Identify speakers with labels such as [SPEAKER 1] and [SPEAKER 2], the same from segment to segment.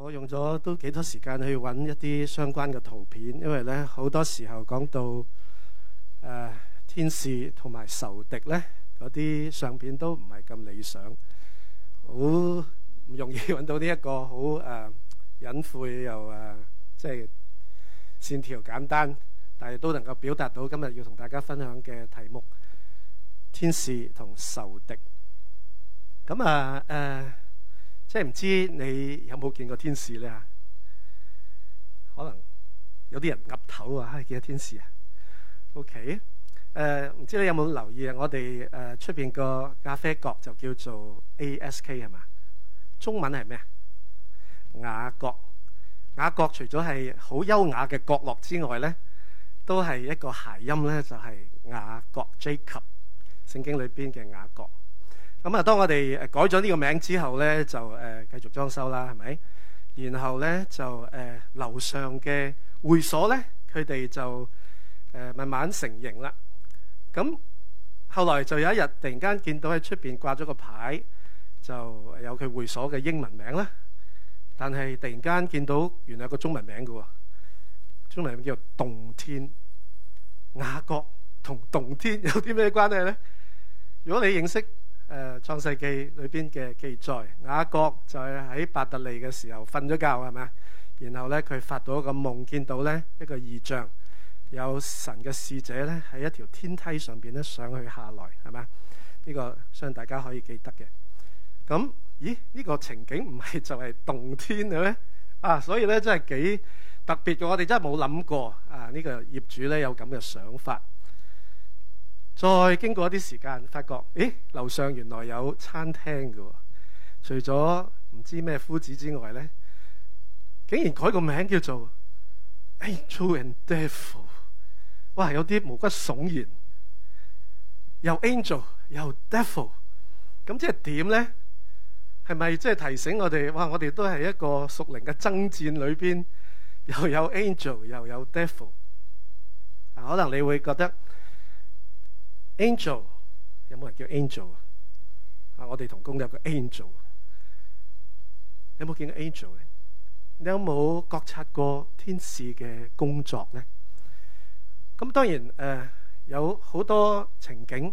[SPEAKER 1] 我用咗都幾多時間去揾一啲相關嘅圖片，因為呢好多時候講到、呃、天使同埋仇敵呢，嗰啲相片都唔係咁理想，好唔容易揾到呢、這、一個好誒隱晦又誒、呃、即係線條簡單，但係都能夠表達到今日要同大家分享嘅題目：天使同仇敵。咁啊誒。呃即係唔知你有冇見過天使咧？可能有啲人岌頭啊，唉，見到天使啊。OK，誒、呃，唔知你有冇留意啊？我哋誒出面個咖啡角就叫做 ASK 係嘛？中文係咩？雅閣。雅閣除咗係好優雅嘅角落之外咧，都係一個諧音咧，就係、是、雅各 Jacob 聖經裏邊嘅雅各。咁啊！當我哋誒改咗呢個名之後呢，就誒呃、繼續裝修啦，係咪？然後呢，就誒呃、樓上嘅會所呢，佢哋就誒、呃、慢慢成形啦。咁後來就有一日，突然間見到喺出邊掛咗個牌，就有佢會所嘅英文名啦。但係突然間見到原來有個中文名嘅喎，中文名叫洞天雅閣，同洞天有啲咩關係呢？如果你認識？誒、呃、創世記裏邊嘅記載，雅各就係喺伯特利嘅時候瞓咗覺係咪？然後呢，佢發到一個夢，見到呢一個異象，有神嘅使者呢喺一條天梯上邊呢上去下來係咪？呢個相信大家可以記得嘅。咁、嗯、咦呢、這個情景唔係就係洞天嘅咩？啊，所以呢，真係幾特別嘅，我哋真係冇諗過啊！呢、這個業主呢有咁嘅想法。再經過一啲時間，發覺，咦，樓上原來有餐廳嘅，除咗唔知咩夫子之外咧，竟然改個名叫做 Angel and Devil，哇，有啲毛骨悚然，又 Angel 又 Devil，咁即係點咧？係咪即係提醒我哋？哇！我哋都係一個屬靈嘅爭戰裏邊，又有 Angel 又有 Devil，啊，可能你會覺得。Angel，有冇人叫 Angel 啊？啊，我哋同工有個 Angel，你有冇見過 Angel 咧？你有冇覺察過天使嘅工作咧？咁當然誒，有好多情景，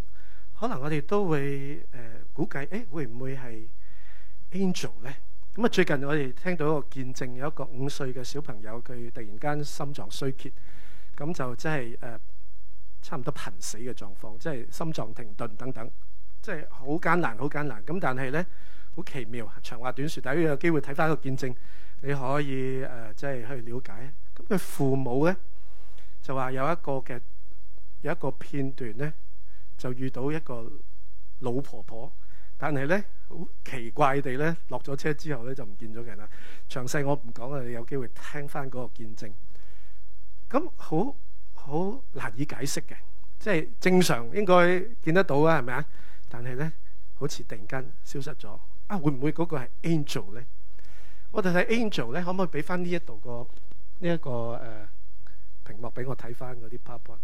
[SPEAKER 1] 可能我哋都會誒估計，誒會唔會係 Angel 咧？咁啊，最近我哋聽到一個見證，有一個五歲嘅小朋友，佢突然間心臟衰竭，咁就即係誒。差唔多瀕死嘅狀況，即係心臟停頓等等，即係好艱難，好艱難。咁但係呢，好奇妙。長話短説，等佢有機會睇翻個見證，你可以誒、呃，即係去了解。咁佢父母呢，就話有一個嘅有一個片段呢，就遇到一個老婆婆，但係呢，好奇怪地呢，落咗車之後呢，就唔見咗人啦。詳細我唔講啊，你有機會聽翻嗰個見證。咁好。好難以解釋嘅，即係正常應該見得到啊，係咪啊？但係咧，好似突然間消失咗啊！會唔會嗰個係 angel 咧？我哋睇 angel 咧，可唔可以俾翻呢一度個呢一、這個誒、呃、屏幕俾我睇翻嗰啲 PowerPoint？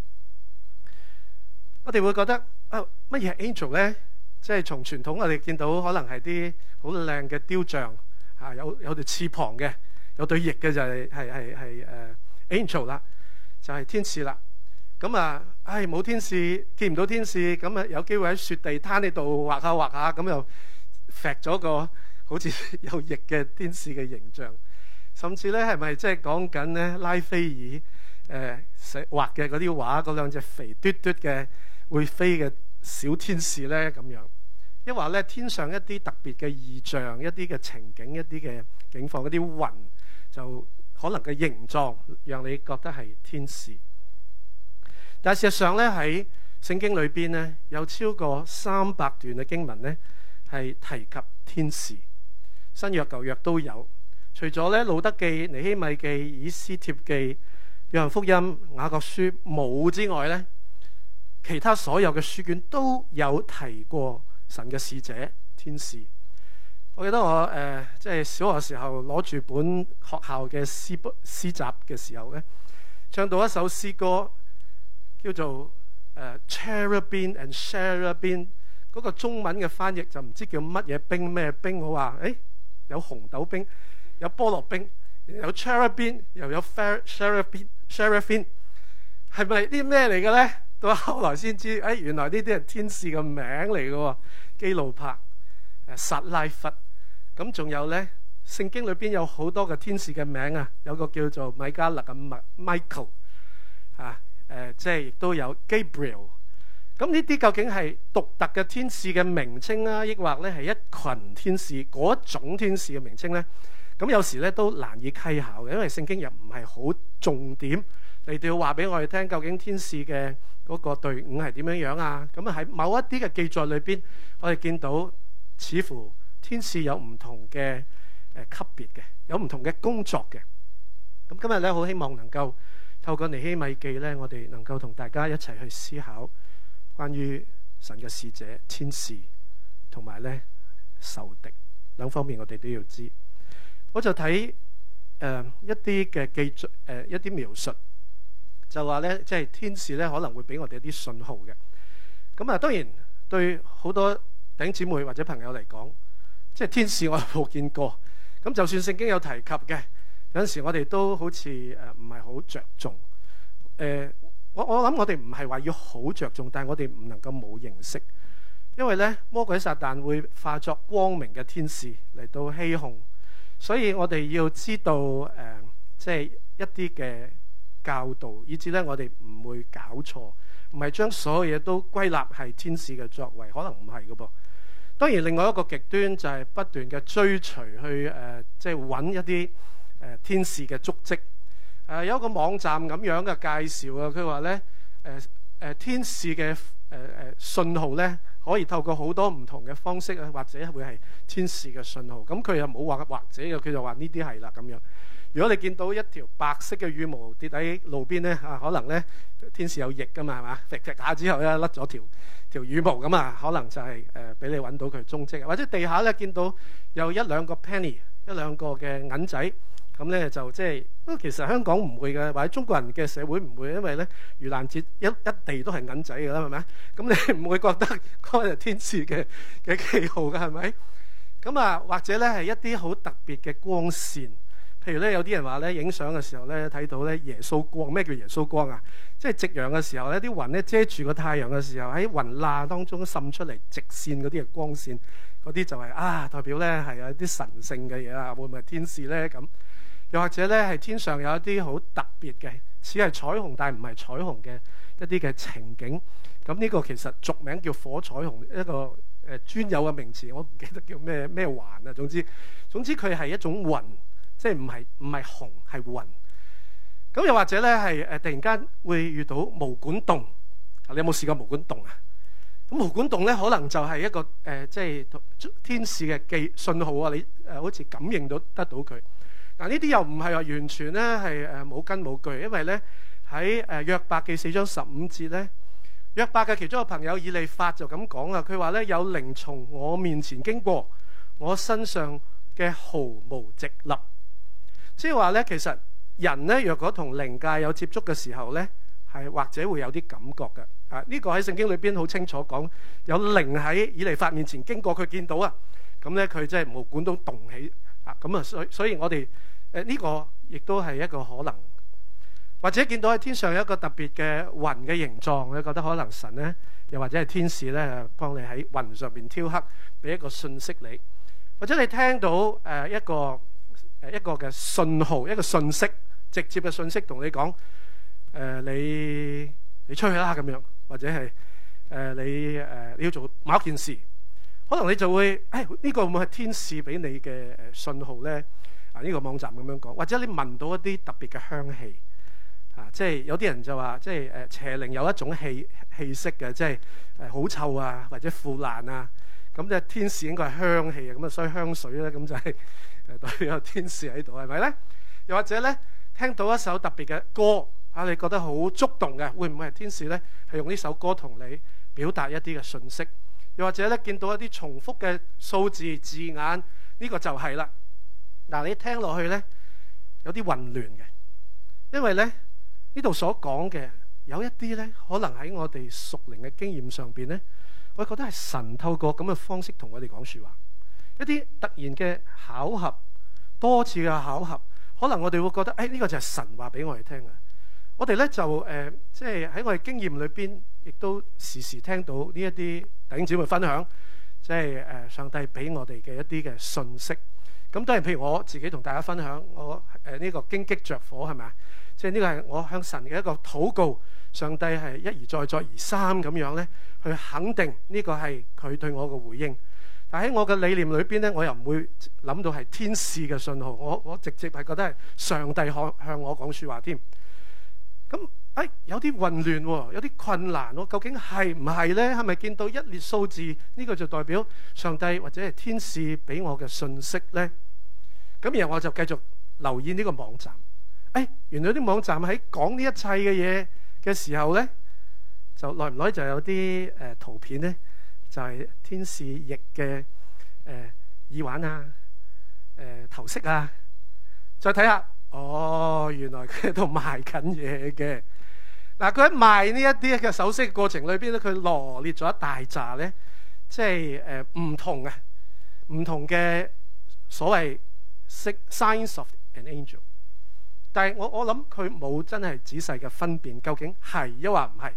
[SPEAKER 1] 我哋會覺得啊，乜嘢係 angel 咧？即係從傳統我哋見到可能係啲好靚嘅雕像，嚇有有對翅膀嘅，有，有，對，的有對翼嘅就係係係係誒 angel 啦。就係天使啦，咁、嗯、啊，唉、哎、冇天使，見唔到天使，咁啊有機會喺雪地攤呢度畫下畫下，咁又揈咗個好似有翼嘅天使嘅形象。甚至咧係咪即係講緊咧拉斐爾誒、呃、畫嘅嗰啲畫，嗰兩隻肥嘟嘟嘅會飛嘅小天使咧咁樣？亦或咧天上一啲特別嘅異象、一啲嘅情景、一啲嘅景況、一啲雲就？可能嘅形狀讓你覺得係天使，但事實上呢，喺聖經裏邊呢，有超過三百段嘅經文呢係提及天使，新約舊約都有。除咗呢路德記、尼希米記、以斯帖記、約翰福音、雅各書冇之外呢，其他所有嘅書卷都有提過神嘅使者天使。我記得我，誒，即係小學時候攞住本學校嘅詩本詩集嘅時候咧，唱到一首詩歌叫做誒、呃、cherubin and cherubin 嗰個中文嘅翻譯就唔知叫乜嘢冰咩冰。我話誒、哎、有紅豆冰，有菠蘿冰，有 cherubin 又有 fair cherubin，cherubin 係咪啲咩嚟嘅咧？到後來先知誒、哎、原來呢啲係天使嘅名嚟嘅，基路柏誒、呃、薩拉佛。咁仲有呢，聖經裏邊有好多個天使嘅名啊，有個叫做米迦勒嘅麥 Michael 啊，即係亦都有 Gabriel。咁呢啲究竟係獨特嘅天使嘅名稱啊，抑或呢係一群天使嗰種天使嘅名稱呢？咁有時呢都難以稽考嘅，因為聖經又唔係好重點，嚟到話俾我哋聽究竟天使嘅嗰個隊伍係點樣樣啊？咁喺某一啲嘅記載裏邊我哋見到似乎。天使有唔同嘅誒級別嘅，有唔同嘅工作嘅。咁今日咧，好希望能夠透過尼希米記咧，我哋能夠同大家一齊去思考關於神嘅使者天使同埋咧仇敵兩方面，我哋都要知道。我就睇誒、呃、一啲嘅記誒、呃、一啲描述，就話咧即係天使咧可能會俾我哋一啲信號嘅。咁啊，當然對好多頂姊妹或者朋友嚟講。即係天使，我冇見過。咁就算聖經有提及嘅，有陣時我哋都好似誒唔係好着重。誒、呃，我我諗我哋唔係話要好着重，但係我哋唔能夠冇認識，因為咧魔鬼撒旦會化作光明嘅天使嚟到欺哄，所以我哋要知道誒，即、呃、係、就是、一啲嘅教導，以至咧我哋唔會搞錯，唔係將所有嘢都歸納係天使嘅作為，可能唔係噶噃。當然，另外一個極端就係不斷嘅追隨，去、呃、誒，即係揾一啲誒、呃、天使嘅足跡。誒、呃、有一個網站咁樣嘅介紹啊，佢話咧誒誒天使嘅誒誒信號咧，可以透過好多唔同嘅方式啊，或者會係天使嘅信號。咁、嗯、佢又冇話或者嘅，佢就話呢啲係啦咁樣。如果你見到一條白色嘅羽毛跌喺路邊咧，啊，可能咧天使有翼噶嘛，係嘛？揈揈下之後咧甩咗條條羽毛咁啊，可能就係誒俾你揾到佢蹤跡，或者地下咧見到有一兩個 penny，一兩個嘅銀仔咁咧、嗯，就即係其實香港唔會嘅，或者中國人嘅社會唔會，因為咧盂蘭節一一地都係銀仔㗎啦，係咪啊？咁你唔會覺得嗰個天使嘅嘅記號嘅係咪？咁啊，或者咧係一啲好特別嘅光線。譬如咧，有啲人話咧，影相嘅時候咧，睇到咧耶穌光，咩叫耶穌光啊？即係夕陽嘅時候咧，啲雲咧遮住個太陽嘅時候，喺雲罅當中滲出嚟直線嗰啲嘅光線，嗰啲就係、是、啊，代表咧係有啲神性嘅嘢啊，會唔會天使呢？咁，又或者咧係天上有一啲好特別嘅，似係彩虹但係唔係彩虹嘅一啲嘅情景。咁呢個其實俗名叫火彩虹，一個誒、呃、專有嘅名詞，我唔記得叫咩咩環啊。總之總之佢係一種雲。即係唔係唔係紅係雲咁，是又或者咧係誒突然間會遇到毛管動，你有冇試過毛管動啊？咁毛管動咧，可能就係一個誒，即、呃、係、就是、天使嘅記信號、呃、啊！你誒好似感應到得到佢。嗱呢啲又唔係話完全咧係誒冇根冇據，因為咧喺誒約伯記四章十五節咧，約伯嘅其中一個朋友以利法就咁講啊。佢話咧有靈從我面前經過，我身上嘅毫無直立。即係話咧，其實人咧，若果同靈界有接觸嘅時候咧，係或者會有啲感覺嘅。啊，呢、這個喺聖經裏邊好清楚講，有靈喺以利法面前經過，佢見到啊，咁咧佢即係毛管都動起。啊，咁啊，所以所以我哋誒呢個亦都係一個可能，或者見到喺天上有一個特別嘅雲嘅形狀，你覺得可能神咧，又或者係天使咧，幫你喺雲上邊挑黑，俾一個信息你。或者你聽到誒、啊、一個。誒一個嘅信號，一個信息，直接嘅信息跟你說，同、呃、你講，誒你你出去啦咁樣，或者係誒、呃、你誒、呃、要做某一件事，可能你就會誒呢、哎這個會唔會係天使俾你嘅誒信號咧？啊、這、呢個網站咁樣講，或者你聞到一啲特別嘅香氣，啊即係有啲人就話即係誒、呃、邪靈有一種氣氣息嘅，即係誒好臭啊或者腐爛啊，咁即係天使應該係香氣啊，咁啊所以香水咧、啊、咁就係、是。有 天使喺度，係咪呢？又或者呢，聽到一首特別嘅歌，嚇你覺得好觸動嘅，會唔會係天使呢？係用呢首歌同你表達一啲嘅信息？又或者呢，見到一啲重複嘅數字字眼，呢個就係啦。嗱，你聽落去呢，有啲混亂嘅，因為呢，呢度所講嘅有一啲呢，可能喺我哋熟齡嘅經驗上邊呢，我覺得係神透過咁嘅方式同我哋講説話。一啲突然嘅巧合，多次嘅巧合，可能我哋會覺得，誒，呢個就係神話俾我哋聽啊！我哋咧，就誒，即係喺我哋經驗裏邊，亦都時時聽到呢一啲弟兄姊妹分享，即係誒上帝俾我哋嘅一啲嘅信息。咁當然，譬如我自己同大家分享，我誒呢個荊棘着火係咪啊？即係呢個係我向神嘅一個禱告，上帝係一而再，再而三咁樣咧去肯定呢個係佢對我嘅回應。但喺我嘅理念裏面呢，我又唔會諗到係天使嘅信號，我我直接係覺得係上帝向向我講說話添。咁誒有啲混亂喎，有啲困難喎，究竟係唔係呢？係咪見到一列數字呢、呢個就代表上帝或者係天使俾我嘅信息呢？咁然後我就繼續留意呢個網站。哎、原來啲網站喺講呢一切嘅嘢嘅時候呢，就耐唔耐就有啲圖、呃、圖片呢。就係天使翼嘅誒、呃、耳環啊、誒、呃、頭飾啊，再睇下，哦，原來佢喺度賣緊嘢嘅。嗱、啊，佢喺賣呢一啲嘅首飾過程裏邊咧，佢羅列咗一大扎咧，即係唔、呃、同啊，唔同嘅所謂 signs of an angel，但係我我諗佢冇真係仔細嘅分辨究竟係抑或唔係。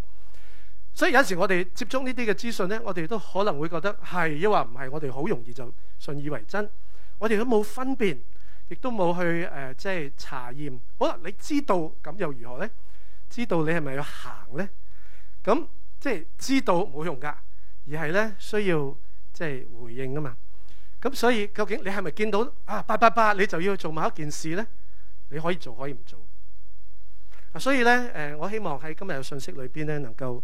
[SPEAKER 1] 所以有時我哋接觸呢啲嘅資訊呢，我哋都可能會覺得係，抑或唔係。我哋好容易就信以為真，我哋都冇分辨，亦都冇去誒、呃，即係查驗。好啦，你知道咁又如何呢？知道你係咪要行呢？咁即係知道冇用㗎，而係呢需要即係回應㗎嘛。咁所以究竟你係咪見到啊八八八？你就要做某一件事呢？你可以做，可以唔做。所以呢，誒、呃，我希望喺今日嘅信息裏邊呢，能夠，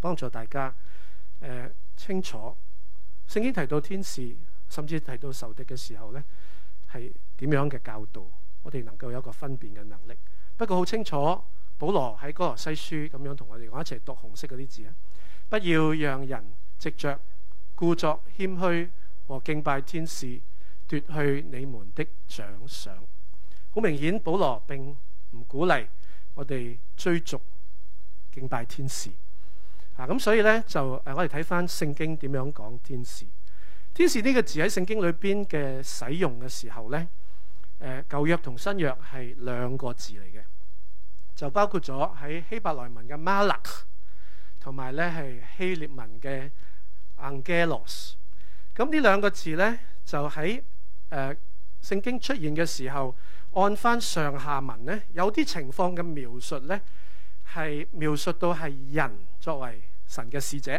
[SPEAKER 1] 幫助大家、呃、清楚聖經提到天使，甚至提到仇敵嘅時候呢係點樣嘅教導？我哋能夠有一個分辨嘅能力。不過好清楚，保羅喺哥羅西書咁樣同我哋講，一齊讀紅色嗰啲字啊！不要讓人藉着、故作謙虛和敬拜天使奪去你們的獎賞。好明顯，保羅並唔鼓勵我哋追逐敬拜天使。咁、啊、所以咧就誒、呃，我哋睇翻聖經點樣講天使。天使呢個字喺聖經裏邊嘅使用嘅時候咧，誒、呃，舊約同新約係兩個字嚟嘅，就包括咗喺希伯來文嘅 malak，同埋咧係希臘文嘅 angelos。咁呢兩個字咧就喺誒聖經出現嘅時候，按翻上下文咧，有啲情況嘅描述咧係描述到係人。作為神嘅使者，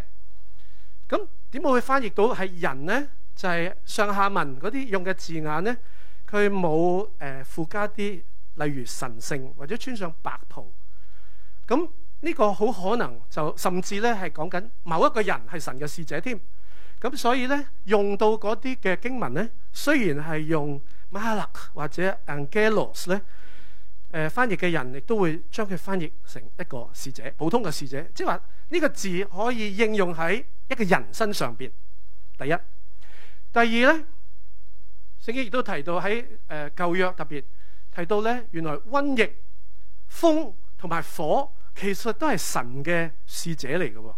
[SPEAKER 1] 咁點會去翻譯到係人呢？就係、是、上下文嗰啲用嘅字眼呢，佢冇誒附加啲，例如神聖或者穿上白袍。咁呢、這個好可能就甚至呢係講緊某一個人係神嘅使者添。咁所以呢，用到嗰啲嘅經文呢，雖然係用 malak 或者 Angelos 呢。誒、呃、翻譯嘅人亦都會將佢翻譯成一個使者，普通嘅使者，即係話呢個字可以應用喺一個人身上邊。第一，第二咧，聖經亦都提到喺誒舊約特別提到咧，原來瘟疫、風同埋火其實都係神嘅使者嚟嘅喎。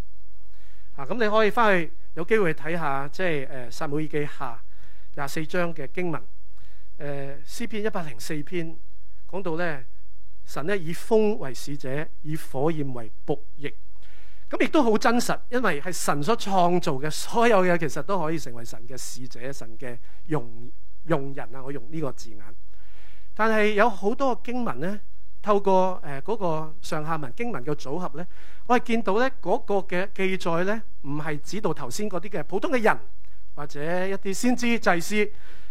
[SPEAKER 1] 啊，咁你可以返去有機會去睇下，即係誒撒母耳記下廿四章嘅經文，誒、呃、詩篇一百零四篇。講到咧，神咧以風為使者，以火焰為僕役，咁亦都好真實，因為係神所創造嘅所有嘢，其實都可以成為神嘅使者，神嘅用用人啊。我用呢個字眼，但係有好多經文呢，透過誒嗰、呃嗰個上下文經文嘅組合呢，我係見到呢嗰、嗰個嘅記載呢，唔係指到頭先嗰啲嘅普通嘅人或者一啲先知祭司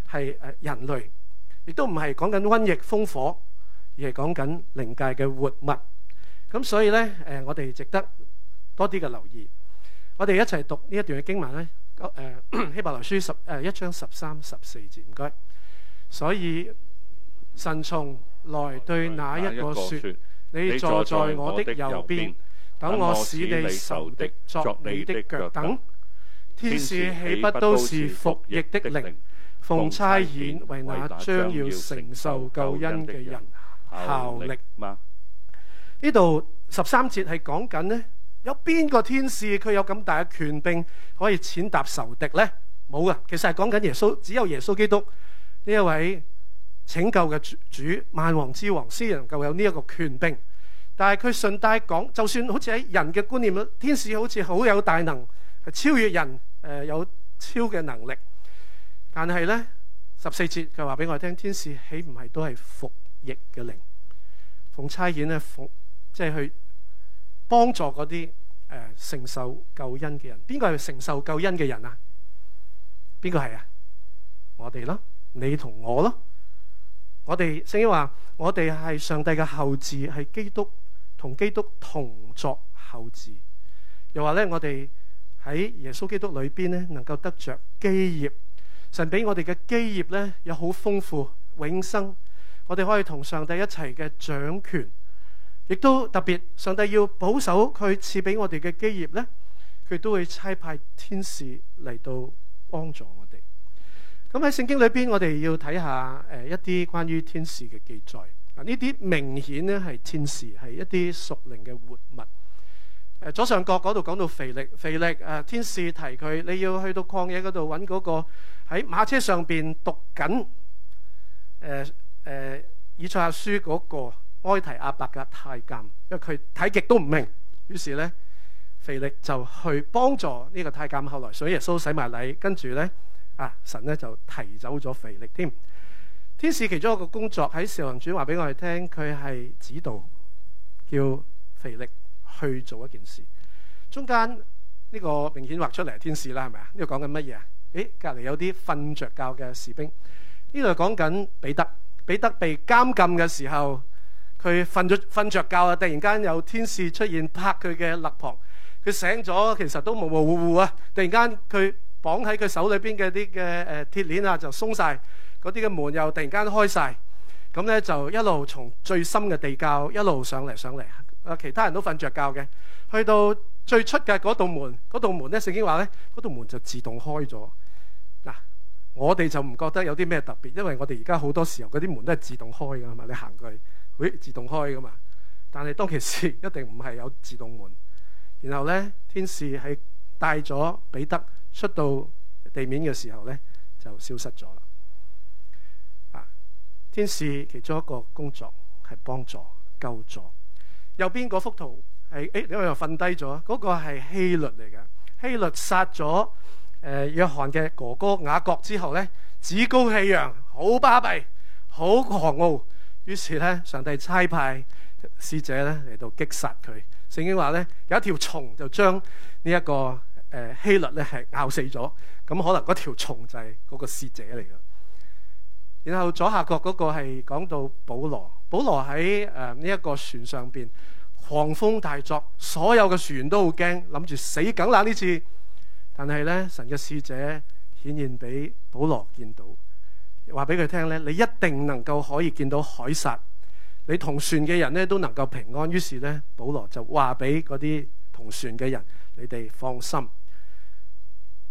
[SPEAKER 1] 係誒人類，亦都唔係講緊瘟疫烽火。亦係講緊靈界嘅活物，咁所以咧，誒，我哋值得多啲嘅留意。我哋一齊讀呢一段嘅經文咧，誒希伯來書十誒一章十三十四節，唔該。所以神從來對那一個説：你坐在我的右邊，等我使你仇敵作你的腳凳。天使豈不都是服役的靈，奉差遣為那將要承受救恩嘅人效力嘛？呢度十三節係講緊呢，有邊個天使佢有咁大嘅權柄，可以踐踏仇敵呢？冇啊，其實係講緊耶穌，只有耶穌基督呢一位拯救嘅主，主，萬王之王，先能夠有呢一個權柄。但係佢順帶講，就算好似喺人嘅觀念，天使好似好有大能，係超越人誒，有超嘅能力。但係呢十四節佢話俾我聽，天使豈唔係都係服？役嘅靈，奉差遣咧，奉即係去幫助嗰啲誒承受救恩嘅人。邊個係承受救恩嘅人啊？邊個係啊？我哋咯，你同我咯。我哋聖經話，我哋係上帝嘅後嗣，係基督同基督同作後嗣。又話咧，我哋喺耶穌基督裏面咧，能夠得着基業。神俾我哋嘅基業咧，有好豐富永生。我哋可以同上帝一齊嘅掌權，亦都特別。上帝要保守佢賜俾我哋嘅基業呢，佢都會差派天使嚟到幫助我哋。咁喺聖經裏面，我哋要睇下一啲關於天使嘅記載、啊。呢啲明顯呢係天使係一啲屬靈嘅活物、啊。左上角嗰度講到腓力，腓力、呃、天使提佢，你要去到曠野嗰度揾嗰個喺馬車上面讀緊誒、呃，以賽亞書嗰個埃提阿伯嘅太監，因為佢睇極都唔明，於是呢腓力就去幫助呢個太監。後來，所以耶穌洗埋禮，跟住呢啊神呢就提走咗腓力添。天使其中一個工作喺《使徒行傳》話俾我哋聽，佢係指導，叫腓力去做一件事。中間呢、這個明顯畫出嚟，天使啦係咪啊？呢度講緊乜嘢啊？誒，隔籬有啲瞓着覺嘅士兵，呢度講緊彼得。彼得被監禁嘅時候，佢瞓咗瞓著覺啊！突然間有天使出現，拍佢嘅肋旁，佢醒咗，其實都模模糊糊啊！突然間佢綁喺佢手裏邊嘅啲嘅誒鐵鏈啊，就鬆晒，嗰啲嘅門又突然間開晒。咁呢，就一路從最深嘅地窖一路上嚟上嚟啊！其他人都瞓着覺嘅，去到最出嘅嗰道門，嗰道門呢，聖經話呢，嗰道門就自動開咗。我哋就唔覺得有啲咩特別，因為我哋而家好多時候嗰啲門都係自動開㗎嘛，你行過去，咦、哎，自動開㗎嘛。但係當其時一定唔係有自動門。然後呢，天使喺帶咗彼得出到地面嘅時候呢，就消失咗啦、啊。天使其中一個工作係幫助救助。右邊嗰幅圖係，誒、哎，你又瞓低咗，嗰、那個係希律嚟嘅，希律殺咗。誒、呃，約翰嘅哥哥雅各之後呢，趾高氣揚，好巴閉，好狂傲。於是呢，上帝差派使者呢嚟到擊殺佢。聖經話呢，有一條蟲就將呢、這、一個誒、呃、希律呢係咬死咗。咁可能嗰條蟲就係嗰個使者嚟嘅。然後左下角嗰個係講到保羅，保羅喺誒呢一個船上邊，狂風大作，所有嘅船員都好驚，諗住死梗啦呢次。但係咧，神嘅使者顯現俾保羅見到，話俾佢聽咧，你一定能夠可以見到海撒，你同船嘅人呢都能夠平安。於是呢，保羅就話俾嗰啲同船嘅人，你哋放心。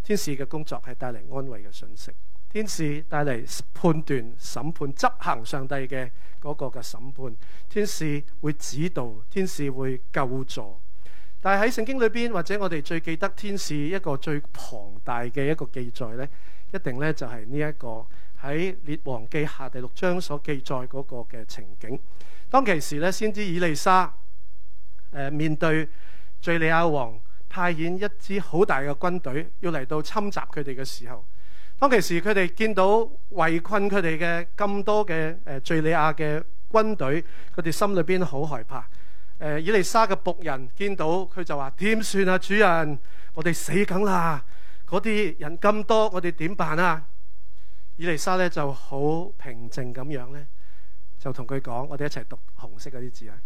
[SPEAKER 1] 天使嘅工作係帶嚟安慰嘅信息，天使帶嚟判斷、審判、執行上帝嘅嗰個嘅審判，天使會指導，天使會救助。但喺聖經裏邊，或者我哋最記得天使一個最龐大嘅一個記載咧，一定呢就係呢一個喺《列王記下》第六章所記載嗰個嘅情景。當其時咧，先知以利沙、呃、面對敘利亞王派遣一支好大嘅軍隊要嚟到侵襲佢哋嘅時候，當其時佢哋見到圍困佢哋嘅咁多嘅誒敘利亞嘅軍隊，佢哋心裏邊好害怕。誒、呃、以利沙嘅僕人見到佢就話：點算啊，主人，我哋死緊啦！嗰啲人咁多，我哋點辦啊？以利沙咧就好平靜咁樣咧，就同佢講：我哋一齊讀紅色嗰啲字啊！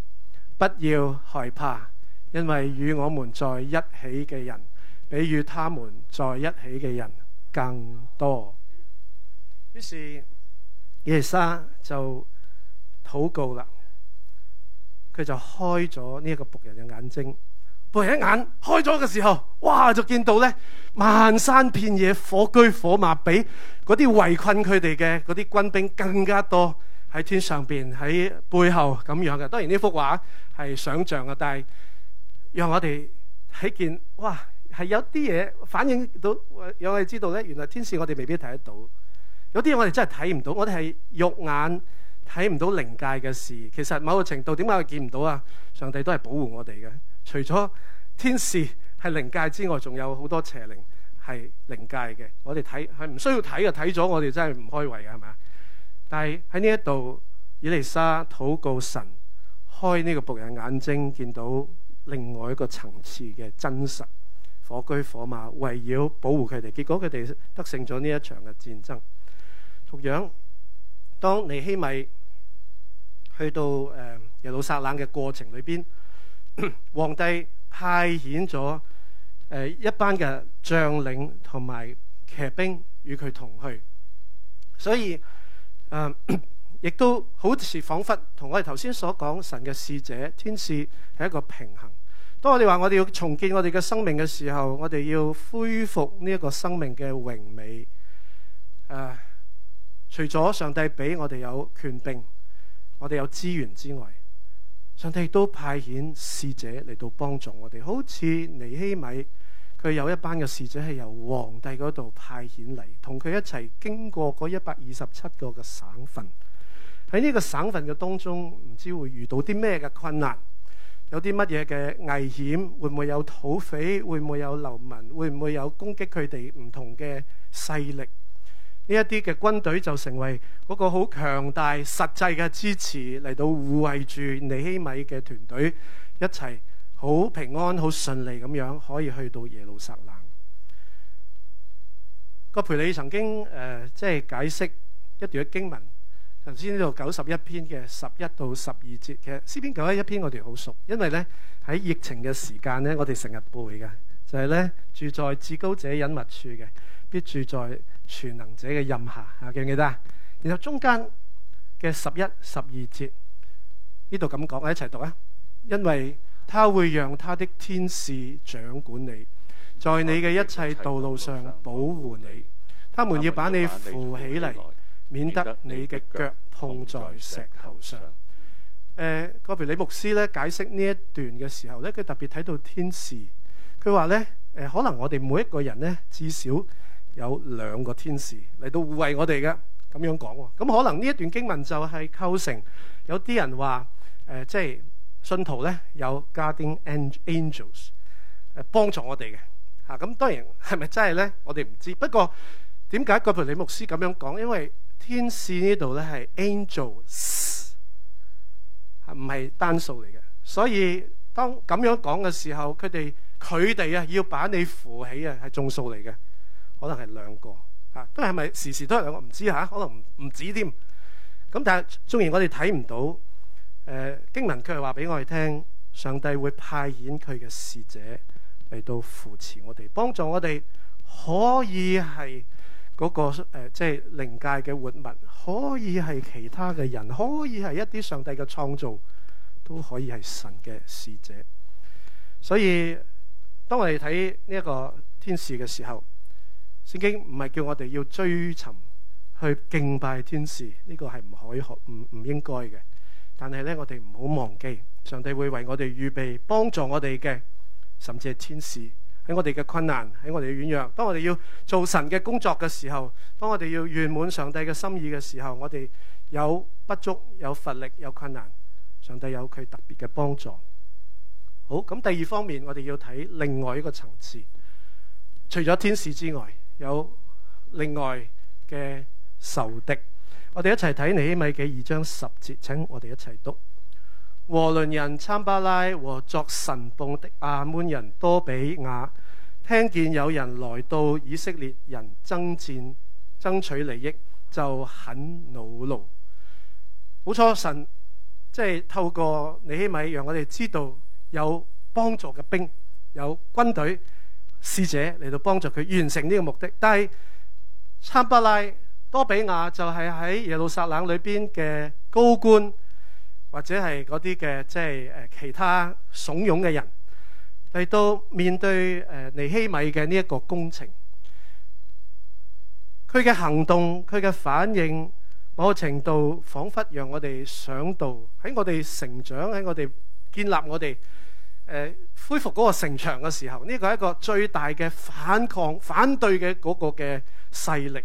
[SPEAKER 1] 不要害怕，因為與我們在一起嘅人，比與他們在一起嘅人更多。於是以利沙就禱告啦。佢就開咗呢一個僕人嘅眼、眼睛，僕人一眼開咗嘅時候，哇！就見到咧，漫山遍野火車火馬，比嗰啲圍困佢哋嘅嗰啲軍兵更加多喺天上邊喺背後咁樣嘅。當然呢幅畫係想像嘅，但係讓我哋睇見，哇！係有啲嘢反映到，讓我哋知道咧，原來天使我哋未必睇得到，有啲嘢我哋真係睇唔到，我哋係肉眼。睇唔到靈界嘅事，其實某個程度點解我見唔到啊？上帝都係保護我哋嘅。除咗天使係靈界之外，仲有好多邪靈係靈界嘅。我哋睇係唔需要睇嘅，睇咗我哋真係唔開胃嘅，係咪啊？但係喺呢一度，以利沙禱告神開呢個僕人眼睛，見到另外一個層次嘅真實。火居火馬圍繞保護佢哋，結果佢哋得勝咗呢一場嘅戰爭。同樣，當尼希米。去到誒耶路撒冷嘅過程裏邊，皇帝派遣咗誒一班嘅將領同埋騎兵與佢同去，所以誒亦、啊、都好似彷彿同我哋頭先所講神嘅使者、天使係一個平衡。當我哋話我哋要重建我哋嘅生命嘅時候，我哋要恢復呢一個生命嘅榮美。誒、啊，除咗上帝俾我哋有權柄。我哋有資源之外，上帝都派遣使者嚟到幫助我哋。好似尼希米，佢有一班嘅使者係由皇帝嗰度派遣嚟，同佢一齊經過嗰一百二十七個嘅省份。喺呢個省份嘅當中，唔知會遇到啲咩嘅困難，有啲乜嘢嘅危險，會唔會有土匪，會唔會有流民，會唔會有攻擊佢哋唔同嘅勢力？呢一啲嘅軍隊就成為嗰個好強大實際嘅支持嚟到護衛住尼希米嘅團隊，一齊好平安、好順利咁樣可以去到耶路撒冷。郭培理曾經誒、呃、即係解釋一段嘅經文，頭先呢度九十一篇嘅十一到十二節嘅。詩篇九十一篇我哋好熟，因為呢喺疫情嘅時間呢，我哋成日背嘅就係、是、呢：「住在至高者隱密處嘅必住在。全能者嘅任下，記唔記得？然後中間嘅十一、十二節呢度咁講，我一齊讀啊！因為他會讓他的天使掌管你，在你嘅一切道路上保護你。他們要把你扶起嚟，免得你嘅腳碰在石頭上。誒、呃，個譬如李牧師咧解釋呢一段嘅時候咧，佢特別睇到天使，佢話咧誒，可能我哋每一個人呢，至少。有兩個天使嚟到護衛我哋嘅，咁樣講喎。咁可能呢一段經文就係構成有啲人話誒、呃，即係信徒咧有 guarding angels 誒幫助我哋嘅嚇。咁、啊、當然係咪真係咧？我哋唔知道。不過點解個培理牧師咁樣講？因為天使呢度咧係 angels 唔係單數嚟嘅，所以當咁樣講嘅時候，佢哋佢哋啊要把你扶起啊，係眾數嚟嘅。可能係兩個嚇，都係咪時時都係兩個唔知嚇？可能唔唔止添咁。但係縱然，我哋睇唔到誒經文，佢話俾我哋聽，上帝會派遣佢嘅使者嚟到扶持我哋，幫助我哋可以係嗰個，呃，即係靈界嘅活物，可以係其他嘅人，可以係一啲上帝嘅創造，都可以係神嘅使者。所以當我哋睇呢一個天使嘅時候，聖經唔係叫我哋要追尋去敬拜天使，呢個係唔可以學、唔唔應該嘅。但係呢，我哋唔好忘記，上帝會為我哋預備幫助我哋嘅，甚至係天使喺我哋嘅困難、喺我哋嘅軟弱。當我哋要做神嘅工作嘅時候，當我哋要圓滿上帝嘅心意嘅時候，我哋有不足、有乏力、有困難，上帝有佢特別嘅幫助。好，咁第二方面，我哋要睇另外一個層次，除咗天使之外。有另外嘅仇敵，我哋一齊睇尼希米記二章十節，請我哋一齊讀。和倫人參巴拉和作神奉的亞捫人多比雅，聽見有人來到以色列人爭戰、爭取利益，就很惱怒。冇錯，神即係、就是、透過尼希米，讓我哋知道有幫助嘅兵，有軍隊。使者嚟到幫助佢完成呢個目的，但係參巴拉多比亞就係喺耶路撒冷裏邊嘅高官，或者係嗰啲嘅即係誒其他慫恿嘅人嚟到面對誒尼希米嘅呢一個工程，佢嘅行動佢嘅反應，某程度仿佛讓我哋想到喺我哋成長喺我哋建立我哋。恢復嗰個城牆嘅時候，呢、這個係一個最大嘅反抗，反對嘅嗰個嘅勢力。誒、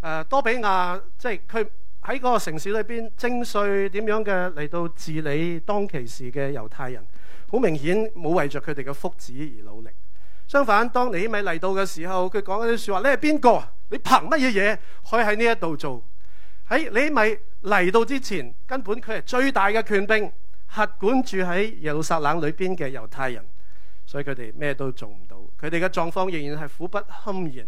[SPEAKER 1] 呃，多比亞即係佢喺個城市裏邊徵稅，點樣嘅嚟到治理當其時嘅猶太人，好明顯冇為着佢哋嘅福祉而努力。相反，當尼米嚟到嘅時候，佢講一啲說話：你係邊個？你憑乜嘢嘢可以喺呢一度做？喺尼米嚟到之前，根本佢係最大嘅權柄。轄管住喺耶路撒冷裏邊嘅猶太人，所以佢哋咩都做唔到，佢哋嘅狀況仍然係苦不堪言。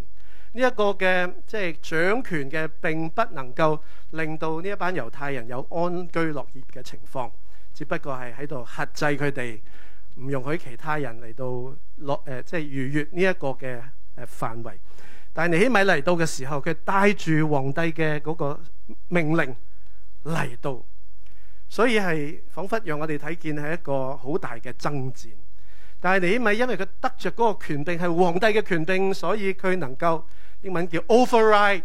[SPEAKER 1] 呢、這、一個嘅即係掌權嘅，並不能夠令到呢一班猶太人有安居樂業嘅情況，只不過係喺度克制佢哋，唔容許其他人嚟到落誒，即係逾越呢一個嘅誒範圍。但係尼希米嚟到嘅時候，佢帶住皇帝嘅嗰個命令嚟到。所以係彷彿讓我哋睇見係一個好大嘅爭戰，但係尼希米因為佢得着嗰個權柄係皇帝嘅權柄，所以佢能夠英文叫 override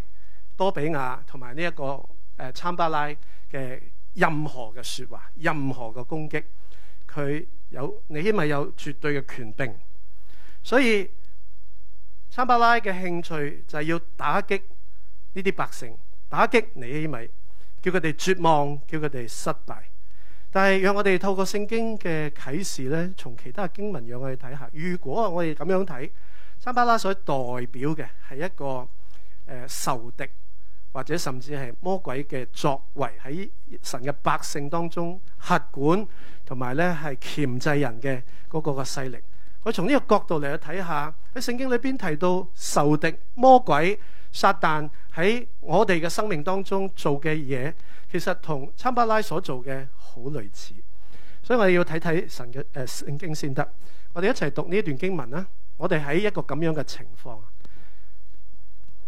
[SPEAKER 1] 多比亞同埋呢一個誒參巴拉嘅任何嘅説話，任何嘅攻擊，佢有尼希米有絕對嘅權柄，所以參巴拉嘅興趣就係要打擊呢啲百姓，打擊尼希米。叫佢哋絕望，叫佢哋失敗。但係讓我哋透過聖經嘅啟示呢，從其他經文讓我哋睇下，如果我哋咁樣睇，參巴拉所代表嘅係一個、呃、仇敵或者甚至係魔鬼嘅作為喺神嘅百姓當中轄管同埋呢係鉗制人嘅嗰個嘅勢力。我從呢個角度嚟去睇下喺聖經裏邊提到仇敵、魔鬼、撒但。喺我哋嘅生命當中做嘅嘢，其實同參巴拉所做嘅好類似，所以我哋要睇睇神嘅聖經先得。我哋一齊讀呢一段經文啦。我哋喺一個咁樣嘅情況，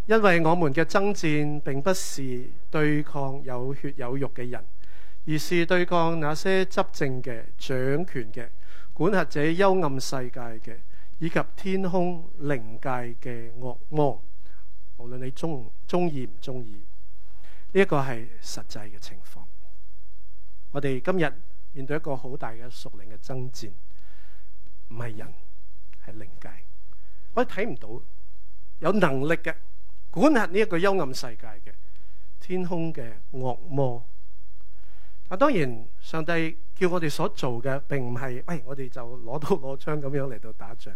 [SPEAKER 1] 因為我們嘅爭戰並不是對抗有血有肉嘅人，而是對抗那些執政嘅掌權嘅管轄者、幽暗世界嘅，以及天空靈界嘅惡魔。無論你鍾鍾意唔鍾意，呢一個係實際嘅情況。我哋今日面對一個好大嘅屬靈嘅爭戰，唔係人，係靈界。我哋睇唔到有能力嘅管轄呢一個幽暗世界嘅天空嘅惡魔。啊，當然上帝叫我哋所做嘅，並唔係喂，我哋就攞刀攞槍咁樣嚟到打仗。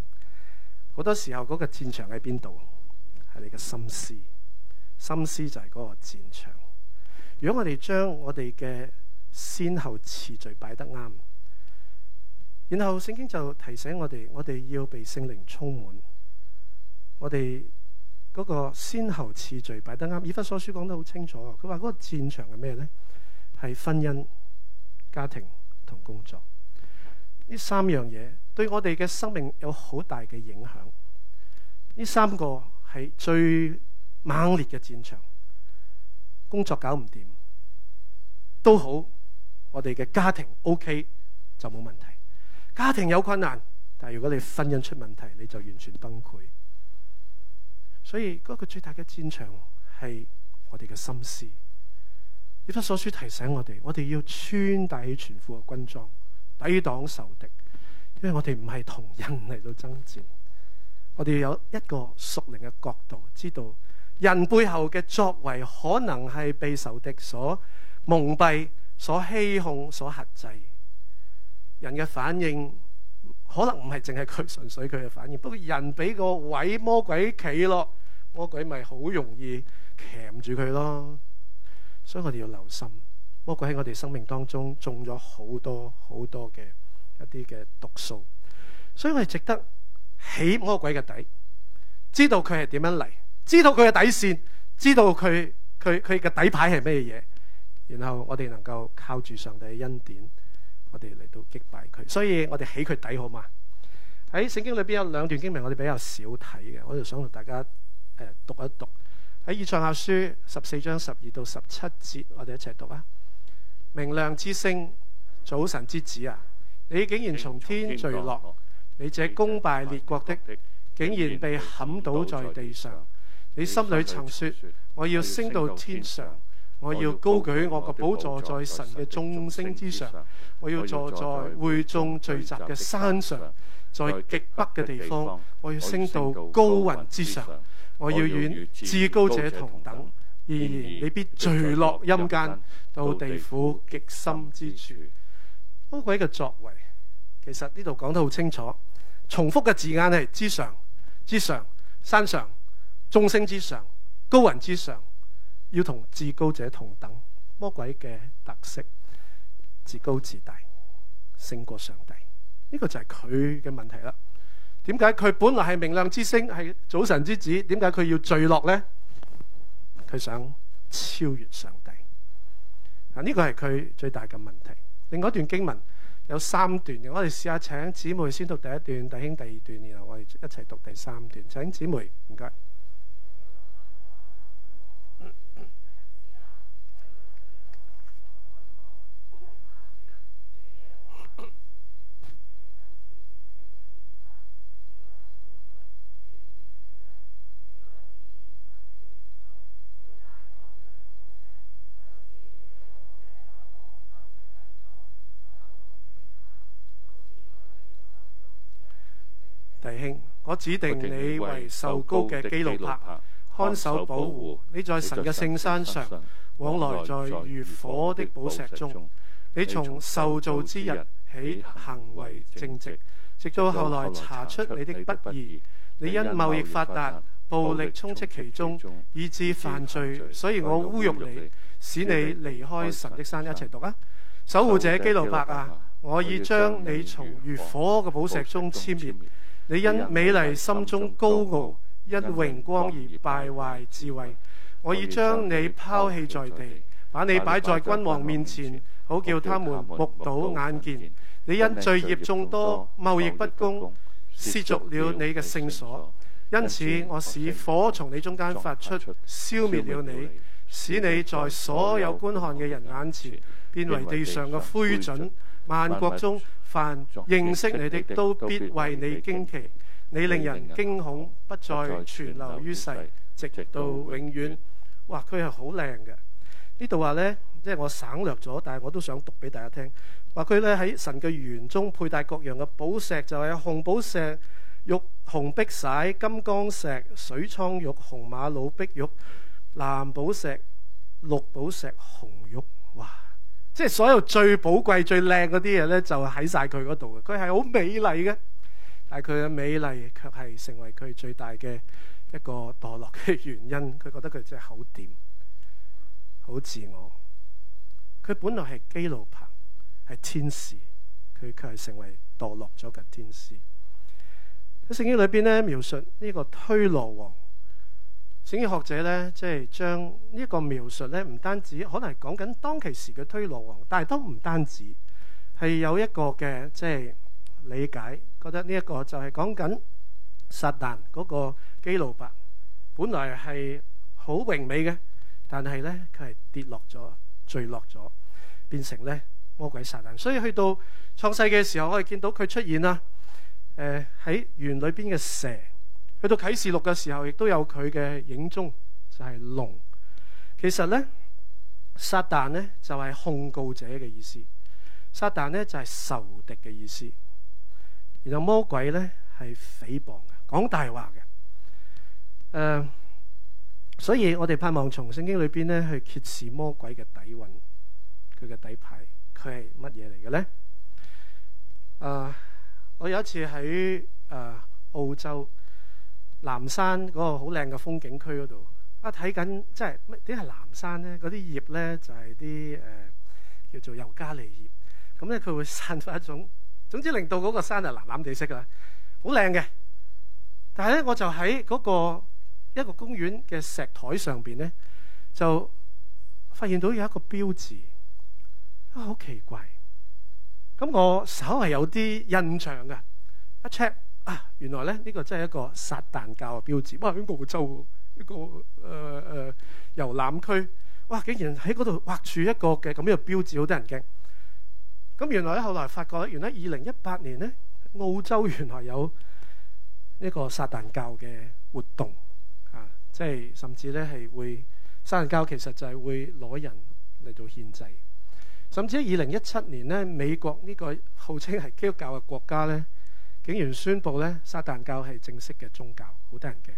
[SPEAKER 1] 好多時候嗰個戰場喺邊度？你嘅心思心思，就係嗰個戰場。如果我哋將我哋嘅先後次序擺得啱，然後聖經就提醒我哋，我哋要被聖靈充滿。我哋嗰個先後次序擺得啱，以弗所書講得好清楚。佢話嗰個戰場係咩呢？係婚姻、家庭同工作呢三樣嘢，對我哋嘅生命有好大嘅影響。呢三個。喺最猛烈嘅戰場，工作搞唔掂都好，我哋嘅家庭 OK 就冇問題。家庭有困難，但係如果你婚姻出問題，你就完全崩潰。所以嗰個最大嘅戰場係我哋嘅心思。以弗所書提醒我哋，我哋要穿戴起全副嘅軍裝，抵擋仇敵，因為我哋唔係同人嚟到爭戰。我哋要有一個屬靈嘅角度，知道人背後嘅作為可能係被仇敵所蒙蔽、所欺哄、所克制。人嘅反應可能唔係淨係佢純粹佢嘅反應，不過人俾個位魔鬼企落，魔鬼咪好容易鉗住佢咯。所以我哋要留心魔鬼喺我哋生命當中種咗好多好多嘅一啲嘅毒素，所以我哋值得，起魔鬼嘅底，知道佢係點樣嚟，知道佢嘅底線，知道佢佢佢嘅底牌係咩嘢，然後我哋能夠靠住上帝嘅恩典，我哋嚟到擊敗佢。所以我哋起佢底好嘛？喺聖經裏邊有兩段經文我哋比較少睇嘅，我就想同大家讀讀一讀。喺以賽亞書十四章十二到十七節，我哋一齊讀啊！明亮之星，早晨之子啊！你竟然從天墜落。你這攻敗列國的，竟然被砍倒在地上。你心裏曾說：我要升到天上，我要高舉我個寶座在神嘅眾星之上，我要坐在會眾聚集嘅山上，在極北嘅地方，我要升到高雲之上，
[SPEAKER 2] 我要與至高者同等。
[SPEAKER 1] 然而你必墜落陰間，到地府極深之處。魔鬼嘅作為。其實呢度講得好清楚，重複嘅字眼係之上、之上、山上、眾星之上、高雲之上，要同至高者同等。魔鬼嘅特色，自高自大，勝過上帝。呢個就係佢嘅問題啦。點解佢本來係明亮之星，係早晨之子？點解佢要墜落呢？佢想超越上帝。啊，呢個係佢最大嘅問題。另外一段經文。有三段嘅，我哋試下，請姊妹先讀第一段，弟兄第二段，然後我哋一齊讀第三段。請姊妹，唔該。我指定你為受膏嘅基路伯，看守保護你，在神嘅聖山上，往來在如火的寶石中。你從受造之日起行為正直，直到後來查出你的不義。你因貿易發達，暴力充斥，斥其中，以致犯罪，所以我侮辱你，使你離開神的山。一齊讀啊，守護者基路伯啊，我已將你從如火嘅寶石中殲滅。你因美麗心中高傲，因榮光而敗壞智慧。
[SPEAKER 2] 我已將你
[SPEAKER 1] 拋棄在地，把你擺在君王面前，好叫他們目睹眼見。你因罪孽眾多、貿易不公，失足了你嘅聖所，因此我使火從你中間發出，消滅了你，使你在所有觀看嘅人眼前變為地上嘅灰燼。萬國中凡認識你的都必為你驚奇，你令人驚恐，不再存留於世，直到永遠。哇，佢係好靚嘅。呢度話呢，即係我省略咗，但係我都想讀俾大家聽。話佢呢，喺神嘅園中佩戴各樣嘅寶石，就係紅寶石、玉紅碧璽、金剛石、水蒼玉、紅瑪瑙碧玉、藍寶石、綠寶石、紅玉。即係所有最寶貴、最靚嗰啲嘢咧，就喺晒佢嗰度嘅。佢係好美麗嘅，但係佢嘅美麗卻係成為佢最大嘅一個墮落嘅原因。佢覺得佢真係好掂，好自我。佢本來係基路朋，係天使，佢卻係成為墮落咗嘅天使。喺聖經裏邊咧，描述呢個推羅王。聖經學者咧，即、就、係、是、將呢一個描述咧，唔單止可能係講緊當其時嘅推羅王，但係都唔單止係有一個嘅即係理解，覺得呢一個就係講緊撒但嗰個基路伯，本來係好榮美嘅，但係呢，佢係跌落咗、墜落咗，變成呢魔鬼撒但。所以去到創世嘅時候，我哋見到佢出現啦，誒、呃、喺園裏邊嘅蛇。去到啟示錄嘅時候，亦都有佢嘅影蹤，就係、是、龍。其實呢，撒旦呢，就係、是、控告者嘅意思，撒旦呢，就係、是、仇敵嘅意思。然後魔鬼呢，係誹謗嘅，講大話嘅。誒、呃，所以我哋盼望從聖經裏邊呢，去揭示魔鬼嘅底蘊，佢嘅底牌，佢係乜嘢嚟嘅呢？誒、呃，我有一次喺誒、呃、澳洲。南山嗰個好靚嘅風景區嗰度，啊，睇緊即係點係南山呢？嗰啲葉呢，就係、是、啲、呃、叫做尤加利葉，咁、嗯、呢，佢會散發一種，總之令到嗰個山就藍藍地色嘅，好靚嘅。但係呢，我就喺嗰、那個一個公園嘅石台上面呢，就發現到有一個標誌，好、哦、奇怪！咁我稍為有啲印象㗎。一 check 啊，原來咧呢、這個真係一個撒但教嘅標誌。哇，喺澳洲一、這個誒誒遊覽區，哇竟然喺嗰度畫住一個嘅咁樣嘅標誌，好多人驚。咁原來咧後來發覺咧，原來二零一八年呢，澳洲原來有呢個撒但教嘅活動，啊，即係甚至咧係會撒但教其實就係會攞人嚟做獻祭。甚至喺二零一七年呢，美國呢個號稱係基督教嘅國家呢。警員宣布咧，撒旦教係正式嘅宗教，好得人驚。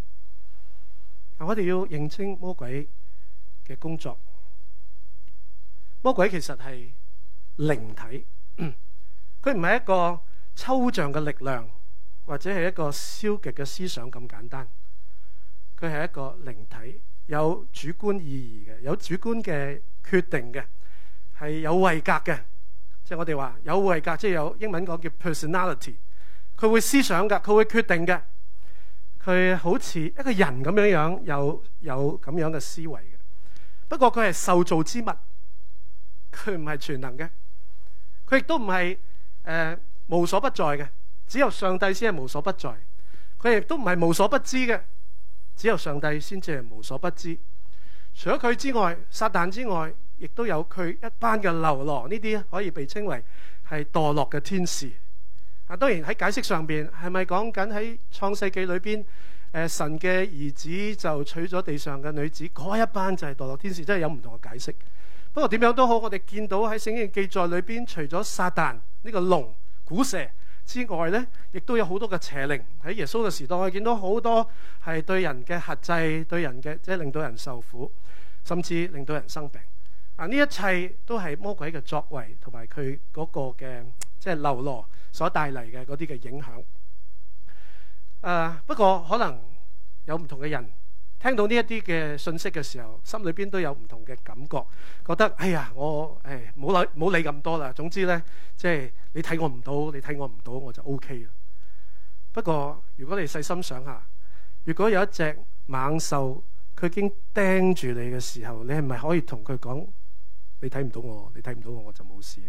[SPEAKER 1] 我哋要認清魔鬼嘅工作。魔鬼其實係靈體，佢唔係一個抽象嘅力量，或者係一個消極嘅思想咁簡單。佢係一個靈體，有主觀意義嘅，有主觀嘅決定嘅，係有位格嘅，即係我哋話有位格，即係有英文講叫 personality。佢會思想㗎，佢會決定嘅。佢好似一個人咁樣樣，有有咁樣嘅思維嘅。不過佢係受造之物，佢唔係全能嘅。佢亦都唔係誒無所不在嘅，只有上帝先係無所不在。佢亦都唔係無所不知嘅，只有上帝先至係無所不知。除咗佢之外，撒旦之外，亦都有佢一班嘅流浪。呢啲，可以被稱為係墮落嘅天使。嗱，當然喺解釋上邊係咪講緊喺創世記裏邊？誒、呃，神嘅兒子就娶咗地上嘅女子，嗰一班就係墮落天使，真係有唔同嘅解釋。不過點樣都好，我哋見到喺聖經的記載裏邊，除咗撒但、呢、呢個龍、古蛇之外呢，亦都有好多嘅邪靈。喺耶穌嘅時代，我哋見到好多係對人嘅轄制，對人嘅即係令到人受苦，甚至令到人生病。啊，呢一切都係魔鬼嘅作為，同埋佢嗰個嘅即係嘍囉。所帶嚟嘅嗰啲嘅影響，誒，不過可能有唔同嘅人聽到呢一啲嘅信息嘅時候，心裏邊都有唔同嘅感覺，覺得哎呀，我誒冇理冇理咁多啦。總之呢，即係你睇我唔到，你睇我唔到，我就 OK。不過如果你細心想下，如果有一隻猛獸佢已經釘住你嘅時候，你係咪可以同佢講你睇唔到我，你睇唔到我我就冇事？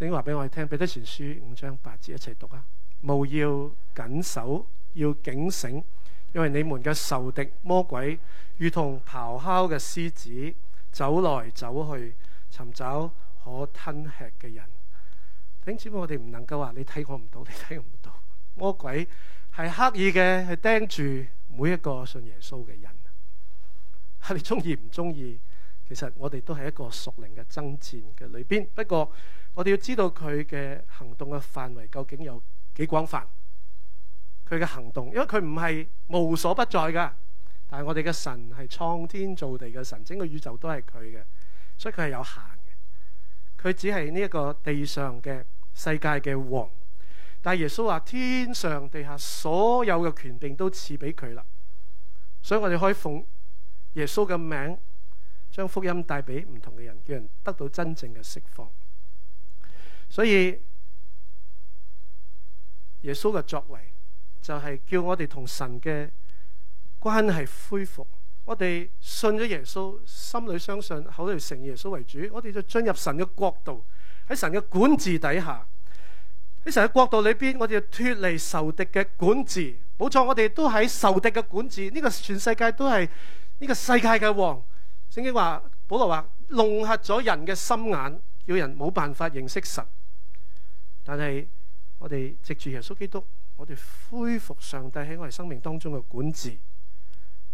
[SPEAKER 1] 請話俾我哋聽，《彼得前書》五章八節一齊讀啊！務要謹守，要警醒，因為你們嘅仇敵魔鬼，如同咆哮嘅獅子，走來走去，尋找可吞吃嘅人。因此，我哋唔能夠話你睇我唔到，你睇我唔到。魔鬼係刻意嘅，係盯住每一個信耶穌嘅人。係你中意唔中意？其實我哋都係一個屬靈嘅爭戰嘅裏邊，不過，我哋要知道佢嘅行動嘅範圍究竟有幾廣泛？佢嘅行動，因為佢唔係無所不在噶但係我哋嘅神係創天造地嘅神，整個宇宙都係佢嘅，所以佢係有限嘅。佢只係呢一個地上嘅世界嘅王，但係耶穌話天上地下所有嘅權柄都賜俾佢啦，所以我哋可以奉耶穌嘅名，將福音帶俾唔同嘅人，叫人得到真正嘅釋放。所以耶穌嘅作為就係叫我哋同神嘅關係恢復。我哋信咗耶穌，心裏相信，口裏承認耶穌為主。我哋就進入神嘅國度，喺神嘅管治底下。喺神嘅國度裏邊，我哋就脫離仇敵嘅管治。冇錯，我哋都喺仇敵嘅管治。呢、呢個全世界都係呢個世界嘅王。聖經話保羅話弄瞎咗人嘅心眼，叫人冇辦法認識神。但係我哋藉住耶穌基督，我哋恢復上帝喺我哋生命當中嘅管治，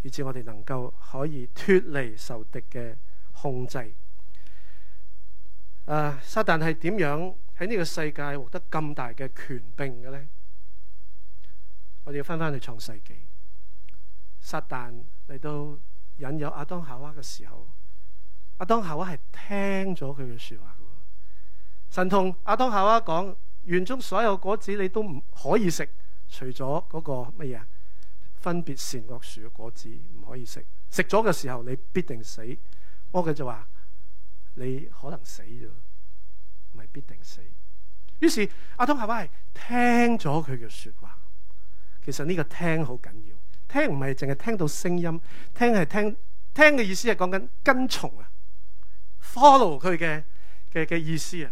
[SPEAKER 1] 以至我哋能夠可以脫離仇敵嘅控制啊。誒，撒旦係點樣喺呢個世界獲得咁大嘅權柄嘅呢？我哋要翻翻去創世記，撒旦嚟到引誘亞當夏娃嘅時候，亞當夏娃係聽咗佢嘅說話嘅。神同亞當夏娃講。園中所有果子你都唔可以食，除咗嗰個乜嘢？分別善惡樹嘅果子唔可以食，食咗嘅時候你必定死。我繼續話你可能死咗，唔係必定死。於是阿當夏娃聽咗佢嘅說話？其實呢個聽好緊要，聽唔係淨係聽到聲音，聽係聽。聽嘅意思係講緊跟從啊，follow 佢嘅嘅嘅意思啊。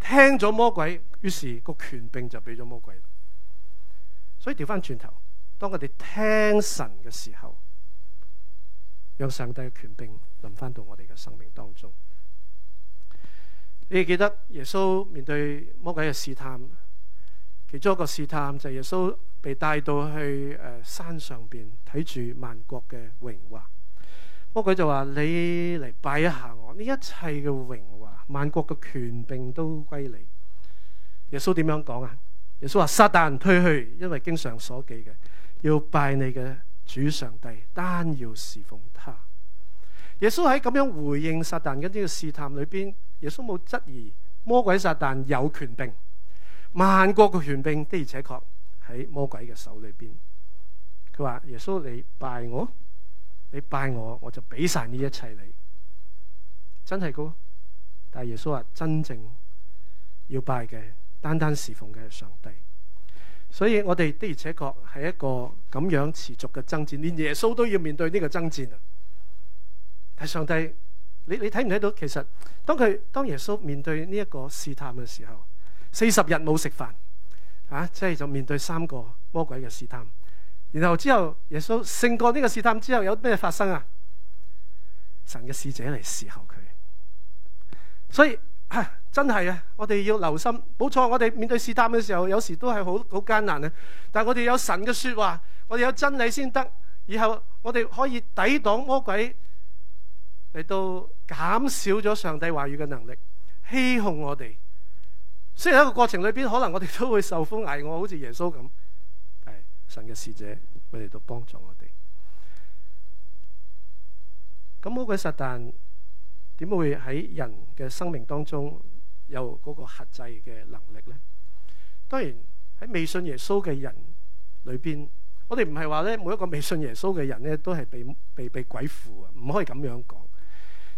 [SPEAKER 1] 聽咗魔鬼，於是個權柄就俾咗魔鬼。所以調翻轉頭，當我哋聽神嘅時候，讓上帝嘅權柄臨翻到我哋嘅生命當中。你記得耶穌面對魔鬼嘅試探，其中一個試探就係耶穌被帶到去誒山上邊睇住萬國嘅榮華。魔鬼就話：你嚟拜一下我，呢一切嘅榮華、萬國嘅權柄都歸你。耶穌點樣講啊？耶穌話：撒旦退去，因為經常所記嘅，要拜你嘅主上帝，單要侍奉他。耶穌喺咁樣回應撒旦嘅呢個試探裏邊，耶穌冇質疑魔鬼撒旦有權柄，萬國嘅權柄的而且確喺魔鬼嘅手裏邊。佢話：耶穌，你拜我。你拜我，我就俾晒呢一切你，真係噶。但係耶穌話，真正要拜嘅，單單侍奉嘅係上帝。所以我哋的而且確係一個咁樣持續嘅爭戰，連耶穌都要面對呢個爭戰啊！但係上帝，你你睇唔睇到？其實當佢當耶穌面對呢一個試探嘅時候，四十日冇食飯，吓、啊，即係就面對三個魔鬼嘅試探。然後之後耶穌勝過呢個試探之後，有咩發生啊？神嘅使者嚟伺候佢，所以真係啊，我哋要留心。冇錯，我哋面對試探嘅時候，有時都係好好艱難啊！但係我哋有神嘅說話，我哋有真理先得。以後我哋可以抵擋魔鬼，嚟到減少咗上帝話語嘅能力，欺哄我哋。雖然喺個過程裏邊，可能我哋都會受風挨餓，好似耶穌咁。神嘅使者佢哋都幫助我哋。咁魔鬼撒但點會喺人嘅生命當中有嗰個克制嘅能力呢？當然喺未信耶穌嘅人裏邊，我哋唔係話咧每一個未信耶穌嘅人咧都係被被被鬼附啊，唔可以咁樣講。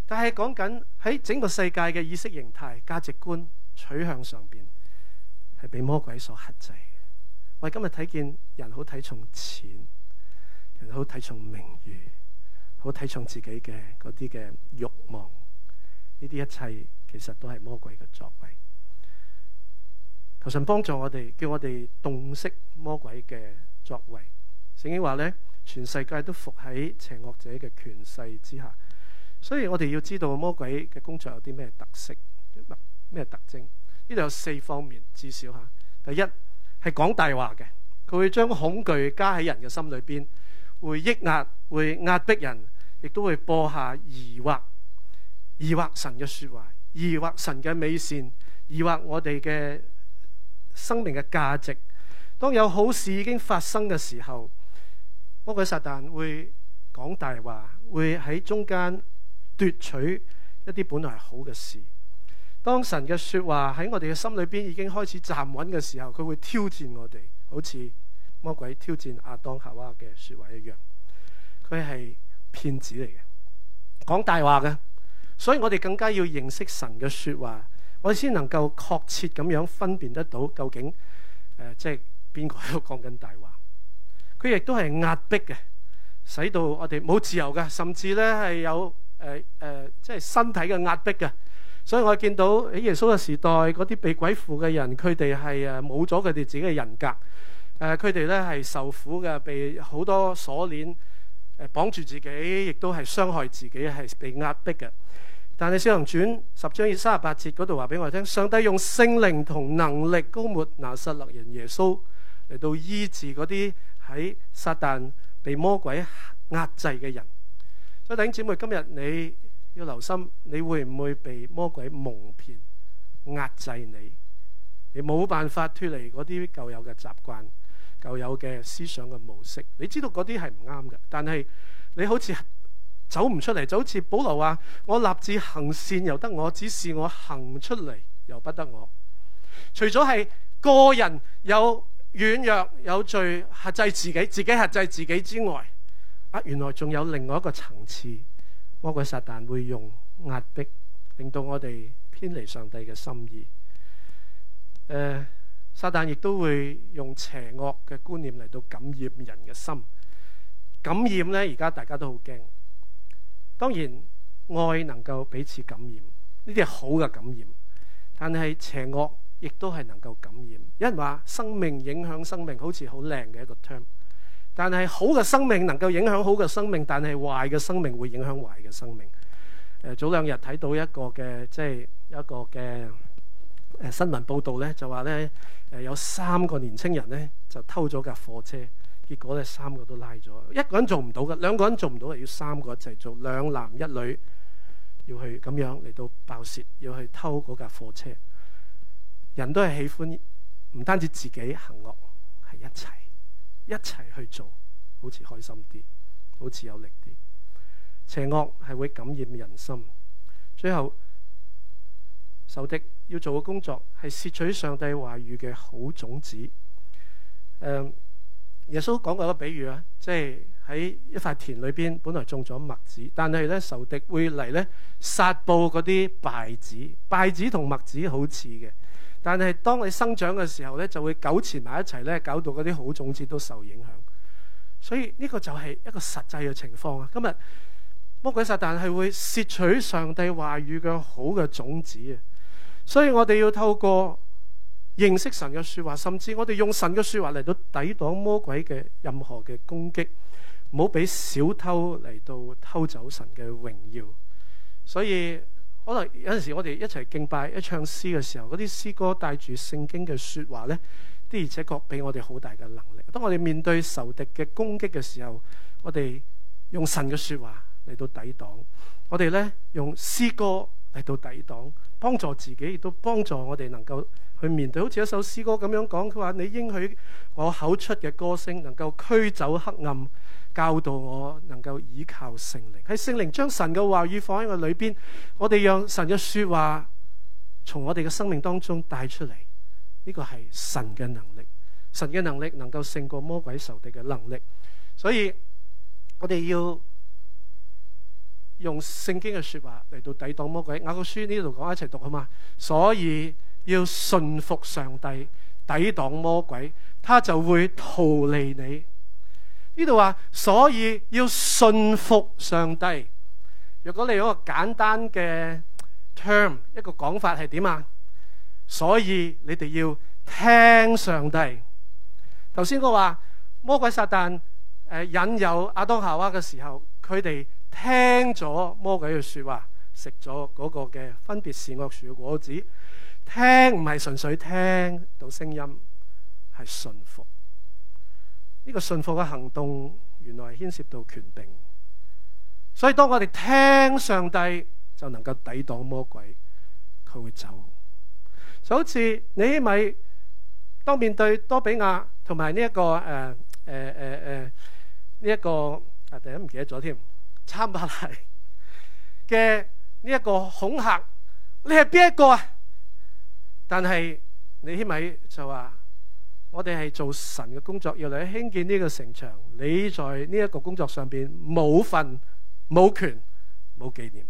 [SPEAKER 1] 但係講緊喺整個世界嘅意識形態、價值觀、取向上邊，係被魔鬼所克制。我今日睇見人好睇重錢，人好睇重名譽，好睇重自己嘅嗰啲嘅欲望，呢啲一切其實都係魔鬼嘅作為。求神幫助我哋，叫我哋洞悉魔鬼嘅作為。聖經話呢，全世界都伏喺邪惡者嘅權勢之下，所以我哋要知道魔鬼嘅工作有啲咩特色，咩特徵？呢度有四方面，至少吓，第一。係講大話嘅，佢會將恐懼加喺人嘅心裏邊，會抑壓，會壓迫人，亦都會播下疑惑，疑惑神嘅說話，疑惑神嘅美善，疑惑我哋嘅生命嘅價值。當有好事已經發生嘅時候，魔鬼撒旦會講大話，會喺中間奪取一啲本來係好嘅事。當神嘅說話喺我哋嘅心裏邊已經開始站穩嘅時候，佢會挑戰我哋，好似魔鬼挑戰阿當夏娃嘅說話一樣。佢係騙子嚟嘅，講大話嘅，所以我哋更加要認識神嘅說話，我哋先能夠確切咁樣分辨得到究竟誒、呃，即係邊個喺度講緊大話。佢亦都係壓迫嘅，使到我哋冇自由嘅，甚至呢係有誒誒、呃呃，即係身體嘅壓迫嘅。所以我見到喺耶穌嘅時代，嗰啲被鬼附嘅人，佢哋係誒冇咗佢哋自己嘅人格，誒佢哋咧係受苦嘅，被好多鎖鏈誒綁住自己，亦都係傷害自己，係被壓迫嘅。但係《使徒行傳》十章二三十八節嗰度話俾我聽，上帝用聖靈同能力膏抹拿撒勒人耶穌嚟到醫治嗰啲喺撒旦被魔鬼壓制嘅人。所以弟兄姐妹，今日你，要留心，你會唔會被魔鬼蒙騙、壓制你？你冇辦法脫離嗰啲舊有嘅習慣、舊有嘅思想嘅模式。你知道嗰啲係唔啱嘅，但係你好似走唔出嚟，就好似保羅話：我立志行善由得我，只是我行出嚟由不得我。除咗係個人有軟弱、有罪、剋制自己、自己剋制自己之外，啊，原來仲有另外一個層次。魔鬼撒旦會用壓迫，令到我哋偏離上帝嘅心意。誒、呃，撒旦亦都會用邪惡嘅觀念嚟到感染人嘅心。感染呢，而家大家都好驚。當然，愛能夠彼此感染，呢啲係好嘅感染。但係邪惡亦都係能夠感染。有人話生命影響生命，好似好靚嘅一個 term。但係好嘅生命能夠影響好嘅生命，但係壞嘅生命會影響壞嘅生命。早兩日睇到一個嘅即係一個嘅、呃、新聞報導呢，就話呢、呃，有三個年青人呢就偷咗架貨車，結果呢三個都拉咗，一個人做唔到嘅，兩個人做唔到，要三個一齊做，兩男一女要去咁樣嚟到爆竊，要去偷嗰架貨車。人都係喜歡唔單止自己行惡，係一齊。一齊去做，好似開心啲，好似有力啲。邪惡係會感染人心，最後仇敵要做嘅工作係攝取上帝話語嘅好種子。嗯，耶穌講過一個比喻啊，即係喺一塊田裏邊，本來種咗麥子，但係咧仇敵會嚟咧撒布嗰啲稗子，稗子同麥子好似嘅。但係當你生長嘅時候咧，就會糾纏埋一齊咧，搞到嗰啲好種子都受影響。所以呢個就係一個實際嘅情況啊！今日魔鬼撒旦係會攝取上帝話語嘅好嘅種子啊！所以我哋要透過認識神嘅說話，甚至我哋用神嘅說話嚟到抵擋魔鬼嘅任何嘅攻擊，唔好俾小偷嚟到偷走神嘅榮耀。所以。可能有陣時我哋一齊敬拜一唱詩嘅時候，嗰啲詩歌帶住聖經嘅説話呢，的而且確俾我哋好大嘅能力。當我哋面對仇敵嘅攻擊嘅時候，我哋用神嘅説話嚟到抵擋，我哋呢，用詩歌嚟到抵擋，幫助自己，亦都幫助我哋能夠去面對。好似一首詩歌咁樣講，佢話：你應許我口出嘅歌聲能夠驅走黑暗。教導我能夠依靠聖靈，喺聖靈將神嘅話語放喺我裏邊，我哋讓神嘅說話從我哋嘅生命當中帶出嚟，呢個係神嘅能力，神嘅能力能夠勝過魔鬼仇敵嘅能力，所以我哋要用聖經嘅說話嚟到抵擋魔鬼。雅各書呢度講，一齊讀啊嘛。所以要順服上帝，抵擋魔鬼，他就會逃離你。呢度話，所以要信服上帝。如果你有一個簡單嘅 term，一個講法係點啊？所以你哋要聽上帝。頭先我話魔鬼撒旦誒、呃、引誘亞當夏娃嘅時候，佢哋聽咗魔鬼嘅說話，食咗嗰個嘅分別善惡樹嘅果子。聽唔係純粹聽到聲音，係信服。呢個順服嘅行動，原來係牽涉到權柄，所以當我哋聽上帝就能夠抵擋魔鬼，佢會走。就好似尼希米，當面對多比亞同埋呢一個誒誒誒誒呢一個啊，突然間唔記得咗添，參巴拉嘅呢一個恐嚇，你係邊一個啊？但係尼希米就話。我哋係做神嘅工作，要嚟興建呢個城牆。你在呢一個工作上邊冇份、冇權、冇紀念。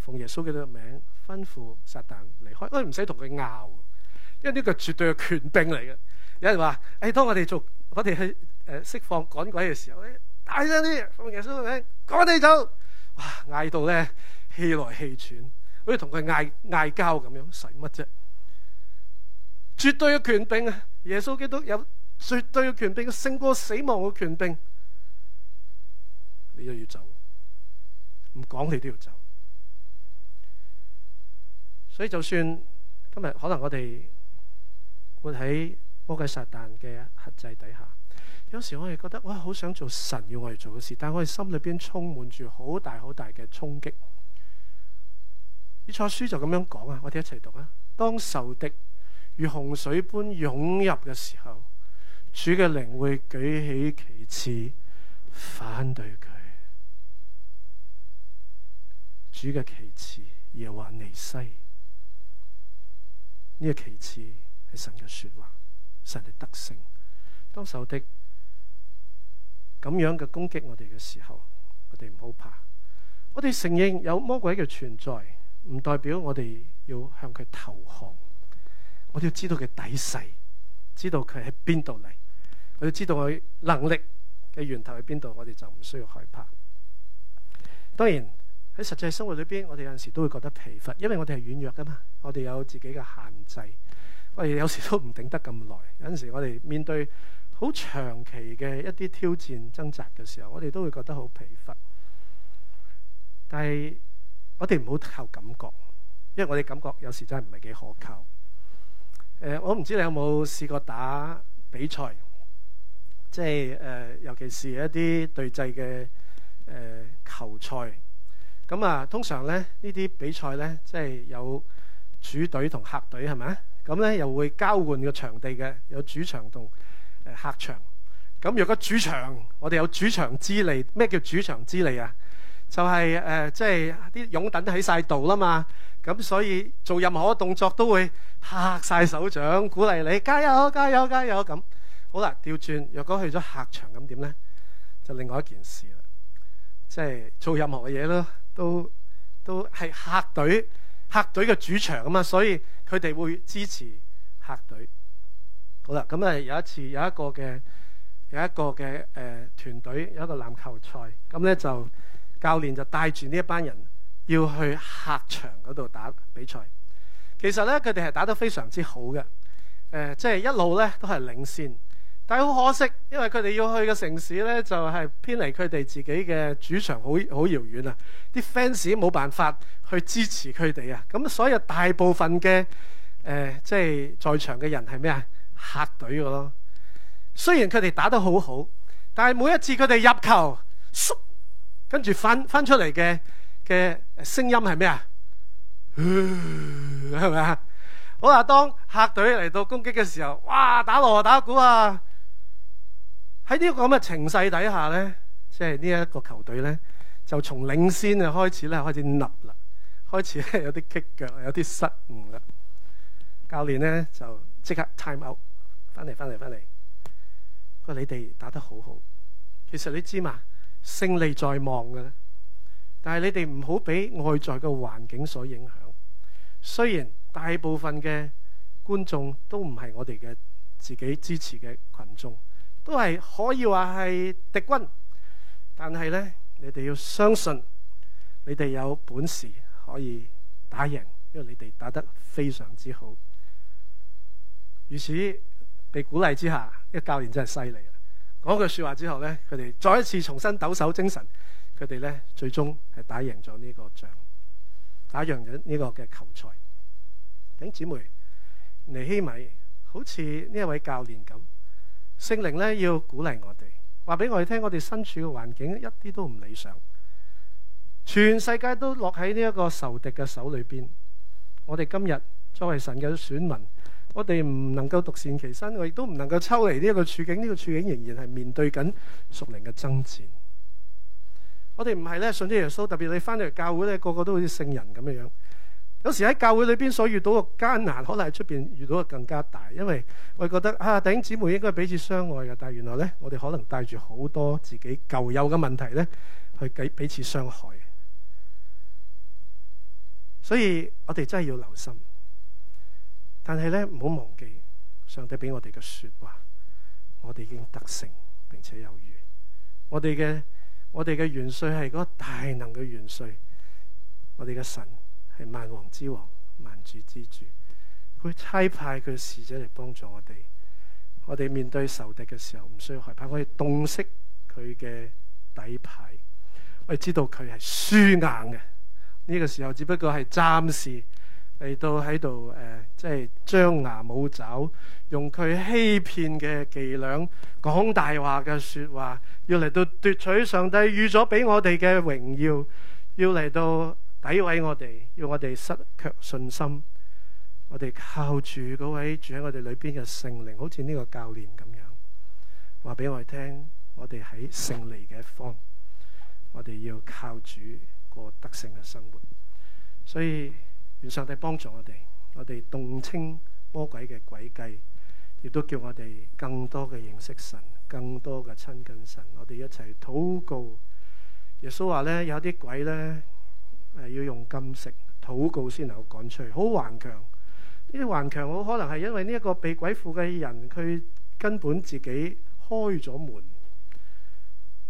[SPEAKER 1] 奉耶穌基督嘅名吩咐撒旦離開，我哋唔使同佢拗，因為呢個絕對係權柄嚟嘅。有人話：哎，當我哋做，我哋去誒釋放趕鬼嘅時候咧，大聲啲，奉耶穌基督嘅名趕你走。哇，嗌到咧氣來氣喘，好似同佢嗌嗌交咁樣，使乜啫？絕對嘅權柄啊！耶穌基督有絕對嘅權柄，勝過死亡嘅權柄。你就要走，唔講你都要走。所以就算今日可能我哋活喺魔鬼撒旦嘅轄制底下，有時我哋覺得我好想做神要我哋做嘅事，但我哋心裏邊充滿住好大好大嘅衝擊。以弗所書就咁樣講啊，我哋一齊讀啊。當受敵如洪水般湧入嘅時候，主嘅靈會舉起旗幟，反對佢。主嘅旗幟，耶和尼西，呢、這個旗幟係神嘅說話，神嘅德性。當守的」當受敵咁樣嘅攻擊我哋嘅時候，我哋唔好怕。我哋承認有魔鬼嘅存在，唔代表我哋要向佢投降。我哋要知道佢底細，知道佢喺邊度嚟，我要知道佢能力嘅源頭喺邊度，我哋就唔需要害怕。當然喺實際生活裏邊，我哋有陣時都會覺得疲乏，因為我哋係軟弱噶嘛，我哋有自己嘅限制，我哋有時都唔頂得咁耐。有陣時我哋面對好長期嘅一啲挑戰、掙扎嘅時候，我哋都會覺得好疲乏。但係我哋唔好靠感覺，因為我哋感覺有時真係唔係幾可靠。誒、嗯，我唔知道你有冇試過打比賽，即係誒、呃，尤其是一啲對陣嘅誒、呃、球賽。咁、嗯、啊，通常咧呢啲比賽咧，即係有主隊同客隊係咪？咁咧又會交換個場地嘅，有主場同誒客場。咁、嗯、若果主場，我哋有主場之利。咩叫主場之利啊？就係、是、誒、呃，即係啲擁躉喺晒度啦嘛。咁所以做任何嘅動作都會拍晒手掌，鼓勵你加油、加油、加油咁。好啦，調轉，若果去咗客場，咁點呢？就另外一件事啦。即係做任何嘅嘢咯，都都係客隊客隊嘅主場啊嘛，所以佢哋會支持客隊。好啦，咁啊有一次有一個嘅有一個嘅誒團隊有一個籃球賽，咁呢就教練就帶住呢一班人。要去客場嗰度打比賽，其實呢，佢哋係打得非常之好嘅。誒，即係一路呢都係領先，但係好可惜，因為佢哋要去嘅城市呢，就係偏離佢哋自己嘅主場好，好好遙遠啊！啲 fans 冇辦法去支持佢哋啊，咁所以大部分嘅即係在場嘅人係咩啊？客隊嘅咯。雖然佢哋打得好好，但係每一次佢哋入球，跟住返返出嚟嘅。嘅聲音係咩啊？係咪啊？好啦，當客隊嚟到攻擊嘅時候，哇！打鑼打鼓啊！喺呢個咁嘅情勢底下咧，即係呢一個球隊咧，就從領先嘅開始咧，開始凹啦，開始咧有啲棘腳，有啲失誤啦。教練呢，就即刻 time out，翻嚟翻嚟翻嚟。佢話：你哋打得好好，其實你知嘛？勝利在望嘅咧。但係你哋唔好俾外在嘅環境所影響。雖然大部分嘅觀眾都唔係我哋嘅自己支持嘅群眾，都係可以話係敵軍。但係呢，你哋要相信，你哋有本事可以打贏，因為你哋打得非常之好。如此被鼓勵之下，一教練真係犀利啊！講句說話之後呢，佢哋再一次重新抖擻精神。佢哋呢，最終係打贏咗呢個仗，打贏咗呢個嘅球賽。弟兄姊妹，尼希米好似呢一位教練咁，聖靈呢要鼓勵我哋，話俾我哋聽：我哋身處嘅環境一啲都唔理想，全世界都落喺呢一個仇敵嘅手裏邊。我哋今日作為神嘅選民，我哋唔能夠獨善其身，我亦都唔能夠抽離呢一個處境。呢、這個處境仍然係面對緊屬靈嘅爭戰。我哋唔係咧，信咗耶穌，特別你翻到嚟教會咧，個個都好似聖人咁樣樣。有時喺教會裏邊所遇到嘅艱難，可能喺出邊遇到嘅更加大，因為我哋覺得啊，弟兄姊妹應該彼此相愛嘅，但係原來咧，我哋可能帶住好多自己舊有嘅問題咧，去給彼此傷害。所以我哋真係要留心。但係咧，唔好忘記上帝俾我哋嘅說話，我哋已經得勝，並且有餘。我哋嘅。我哋嘅元帥係嗰個大能嘅元帥，我哋嘅神係萬王之王、萬主之主，佢差派佢嘅使者嚟幫助我哋。我哋面對仇敵嘅時候唔需要害怕，我哋洞悉佢嘅底牌，我哋知道佢係輸硬嘅。呢個時候只不過係暫時。嚟到喺度，誒、呃，即係張牙舞爪，用佢欺騙嘅伎倆，講大話嘅説話，要嚟到奪取上帝預咗俾我哋嘅榮耀，要嚟到詆毀我哋，要我哋失卻信心。我哋靠住嗰位住喺我哋裏邊嘅聖靈，好似呢個教練咁樣，話俾我哋聽，我哋喺勝利嘅一方，我哋要靠主過得勝嘅生活，所以。上帝幫助我哋，我哋洞清魔鬼嘅詭計，亦都叫我哋更多嘅認識神，更多嘅親近神。我哋一齊禱告。耶穌話咧，有啲鬼咧要用禁食禱告先能夠趕出去，好頑強。呢啲頑強好可能係因為呢一個被鬼附嘅人，佢根本自己開咗門，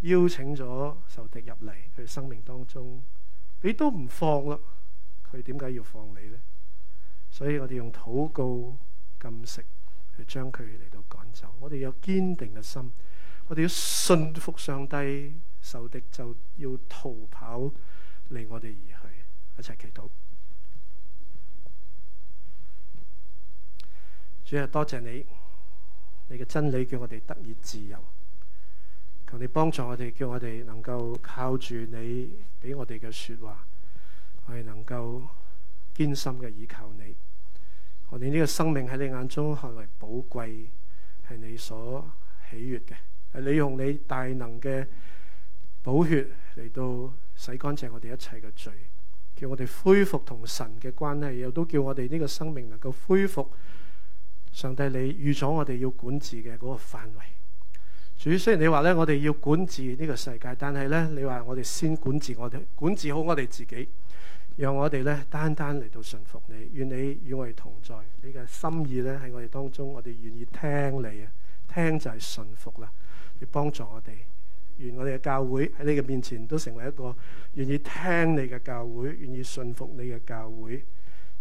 [SPEAKER 1] 邀請咗仇敵入嚟佢生命當中，你都唔放啦。佢點解要放你呢？所以我哋用禱告、禁食去將佢嚟到趕走。我哋有堅定嘅心，我哋要信服上帝，仇敵，就要逃跑，離我哋而去。一齊祈禱。主啊，多謝你，你嘅真理叫我哋得以自由。求你幫助我哋，叫我哋能夠靠住你俾我哋嘅說話。我哋能夠堅心嘅倚靠你。我哋呢個生命喺你眼中何為寶貴，係你所喜悅嘅，係你用你大能嘅寶血嚟到洗乾淨我哋一切嘅罪，叫我哋恢復同神嘅關係，又都叫我哋呢個生命能夠恢復上帝你預咗我哋要管治嘅嗰個範圍。主雖然你話呢，我哋要管治呢個世界，但係呢，你話我哋先管治我哋管治好我哋自己。讓我哋咧單單嚟到順服你，願你與我哋同在，你嘅心意咧喺我哋當中，我哋願意聽你啊，聽就係順服啦，你幫助我哋。願我哋嘅教會喺你嘅面前都成為一個願意聽你嘅教會，願意順服你嘅教會。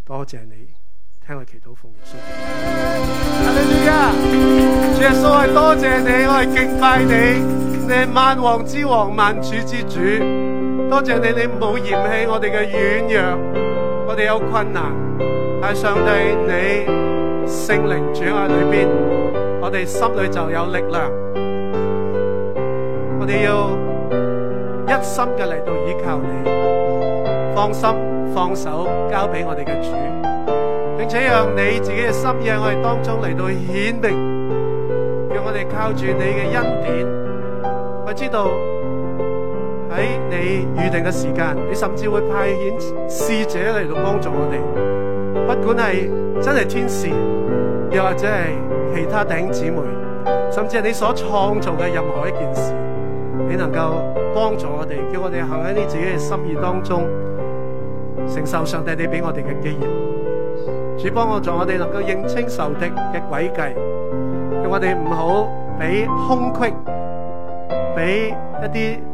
[SPEAKER 1] 多謝你，聽我祈禱奉耶穌。阿利亞，耶穌啊，多謝你，我係敬拜你，你係萬王之王，萬主之主。多謝你，你冇嫌棄我哋嘅軟弱，我哋有困難，但係上帝，你聖靈住喺裏邊，我哋心裏就有力量。我哋要一心嘅嚟到倚靠你，放心放手交俾我哋嘅主，並且讓你自己嘅心意喺我哋當中嚟到顯明，讓我哋靠住你嘅恩典，我哋知道。喺你預定嘅時間，你甚至會派遣使者嚟到幫助我哋。不管係真係天使，又或者係其他頂姊妹，甚至係你所創造嘅任何一件事，你能夠幫助我哋，叫我哋行喺你自己嘅心意當中，承受上帝你俾我哋嘅基業。主幫助我哋能夠認清仇敵嘅詭計，叫我哋唔好俾空隙，俾一啲。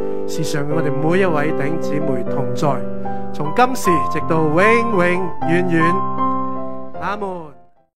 [SPEAKER 1] 世上的我哋每一位頂姊妹同在，從今時直到永永遠遠，阿門。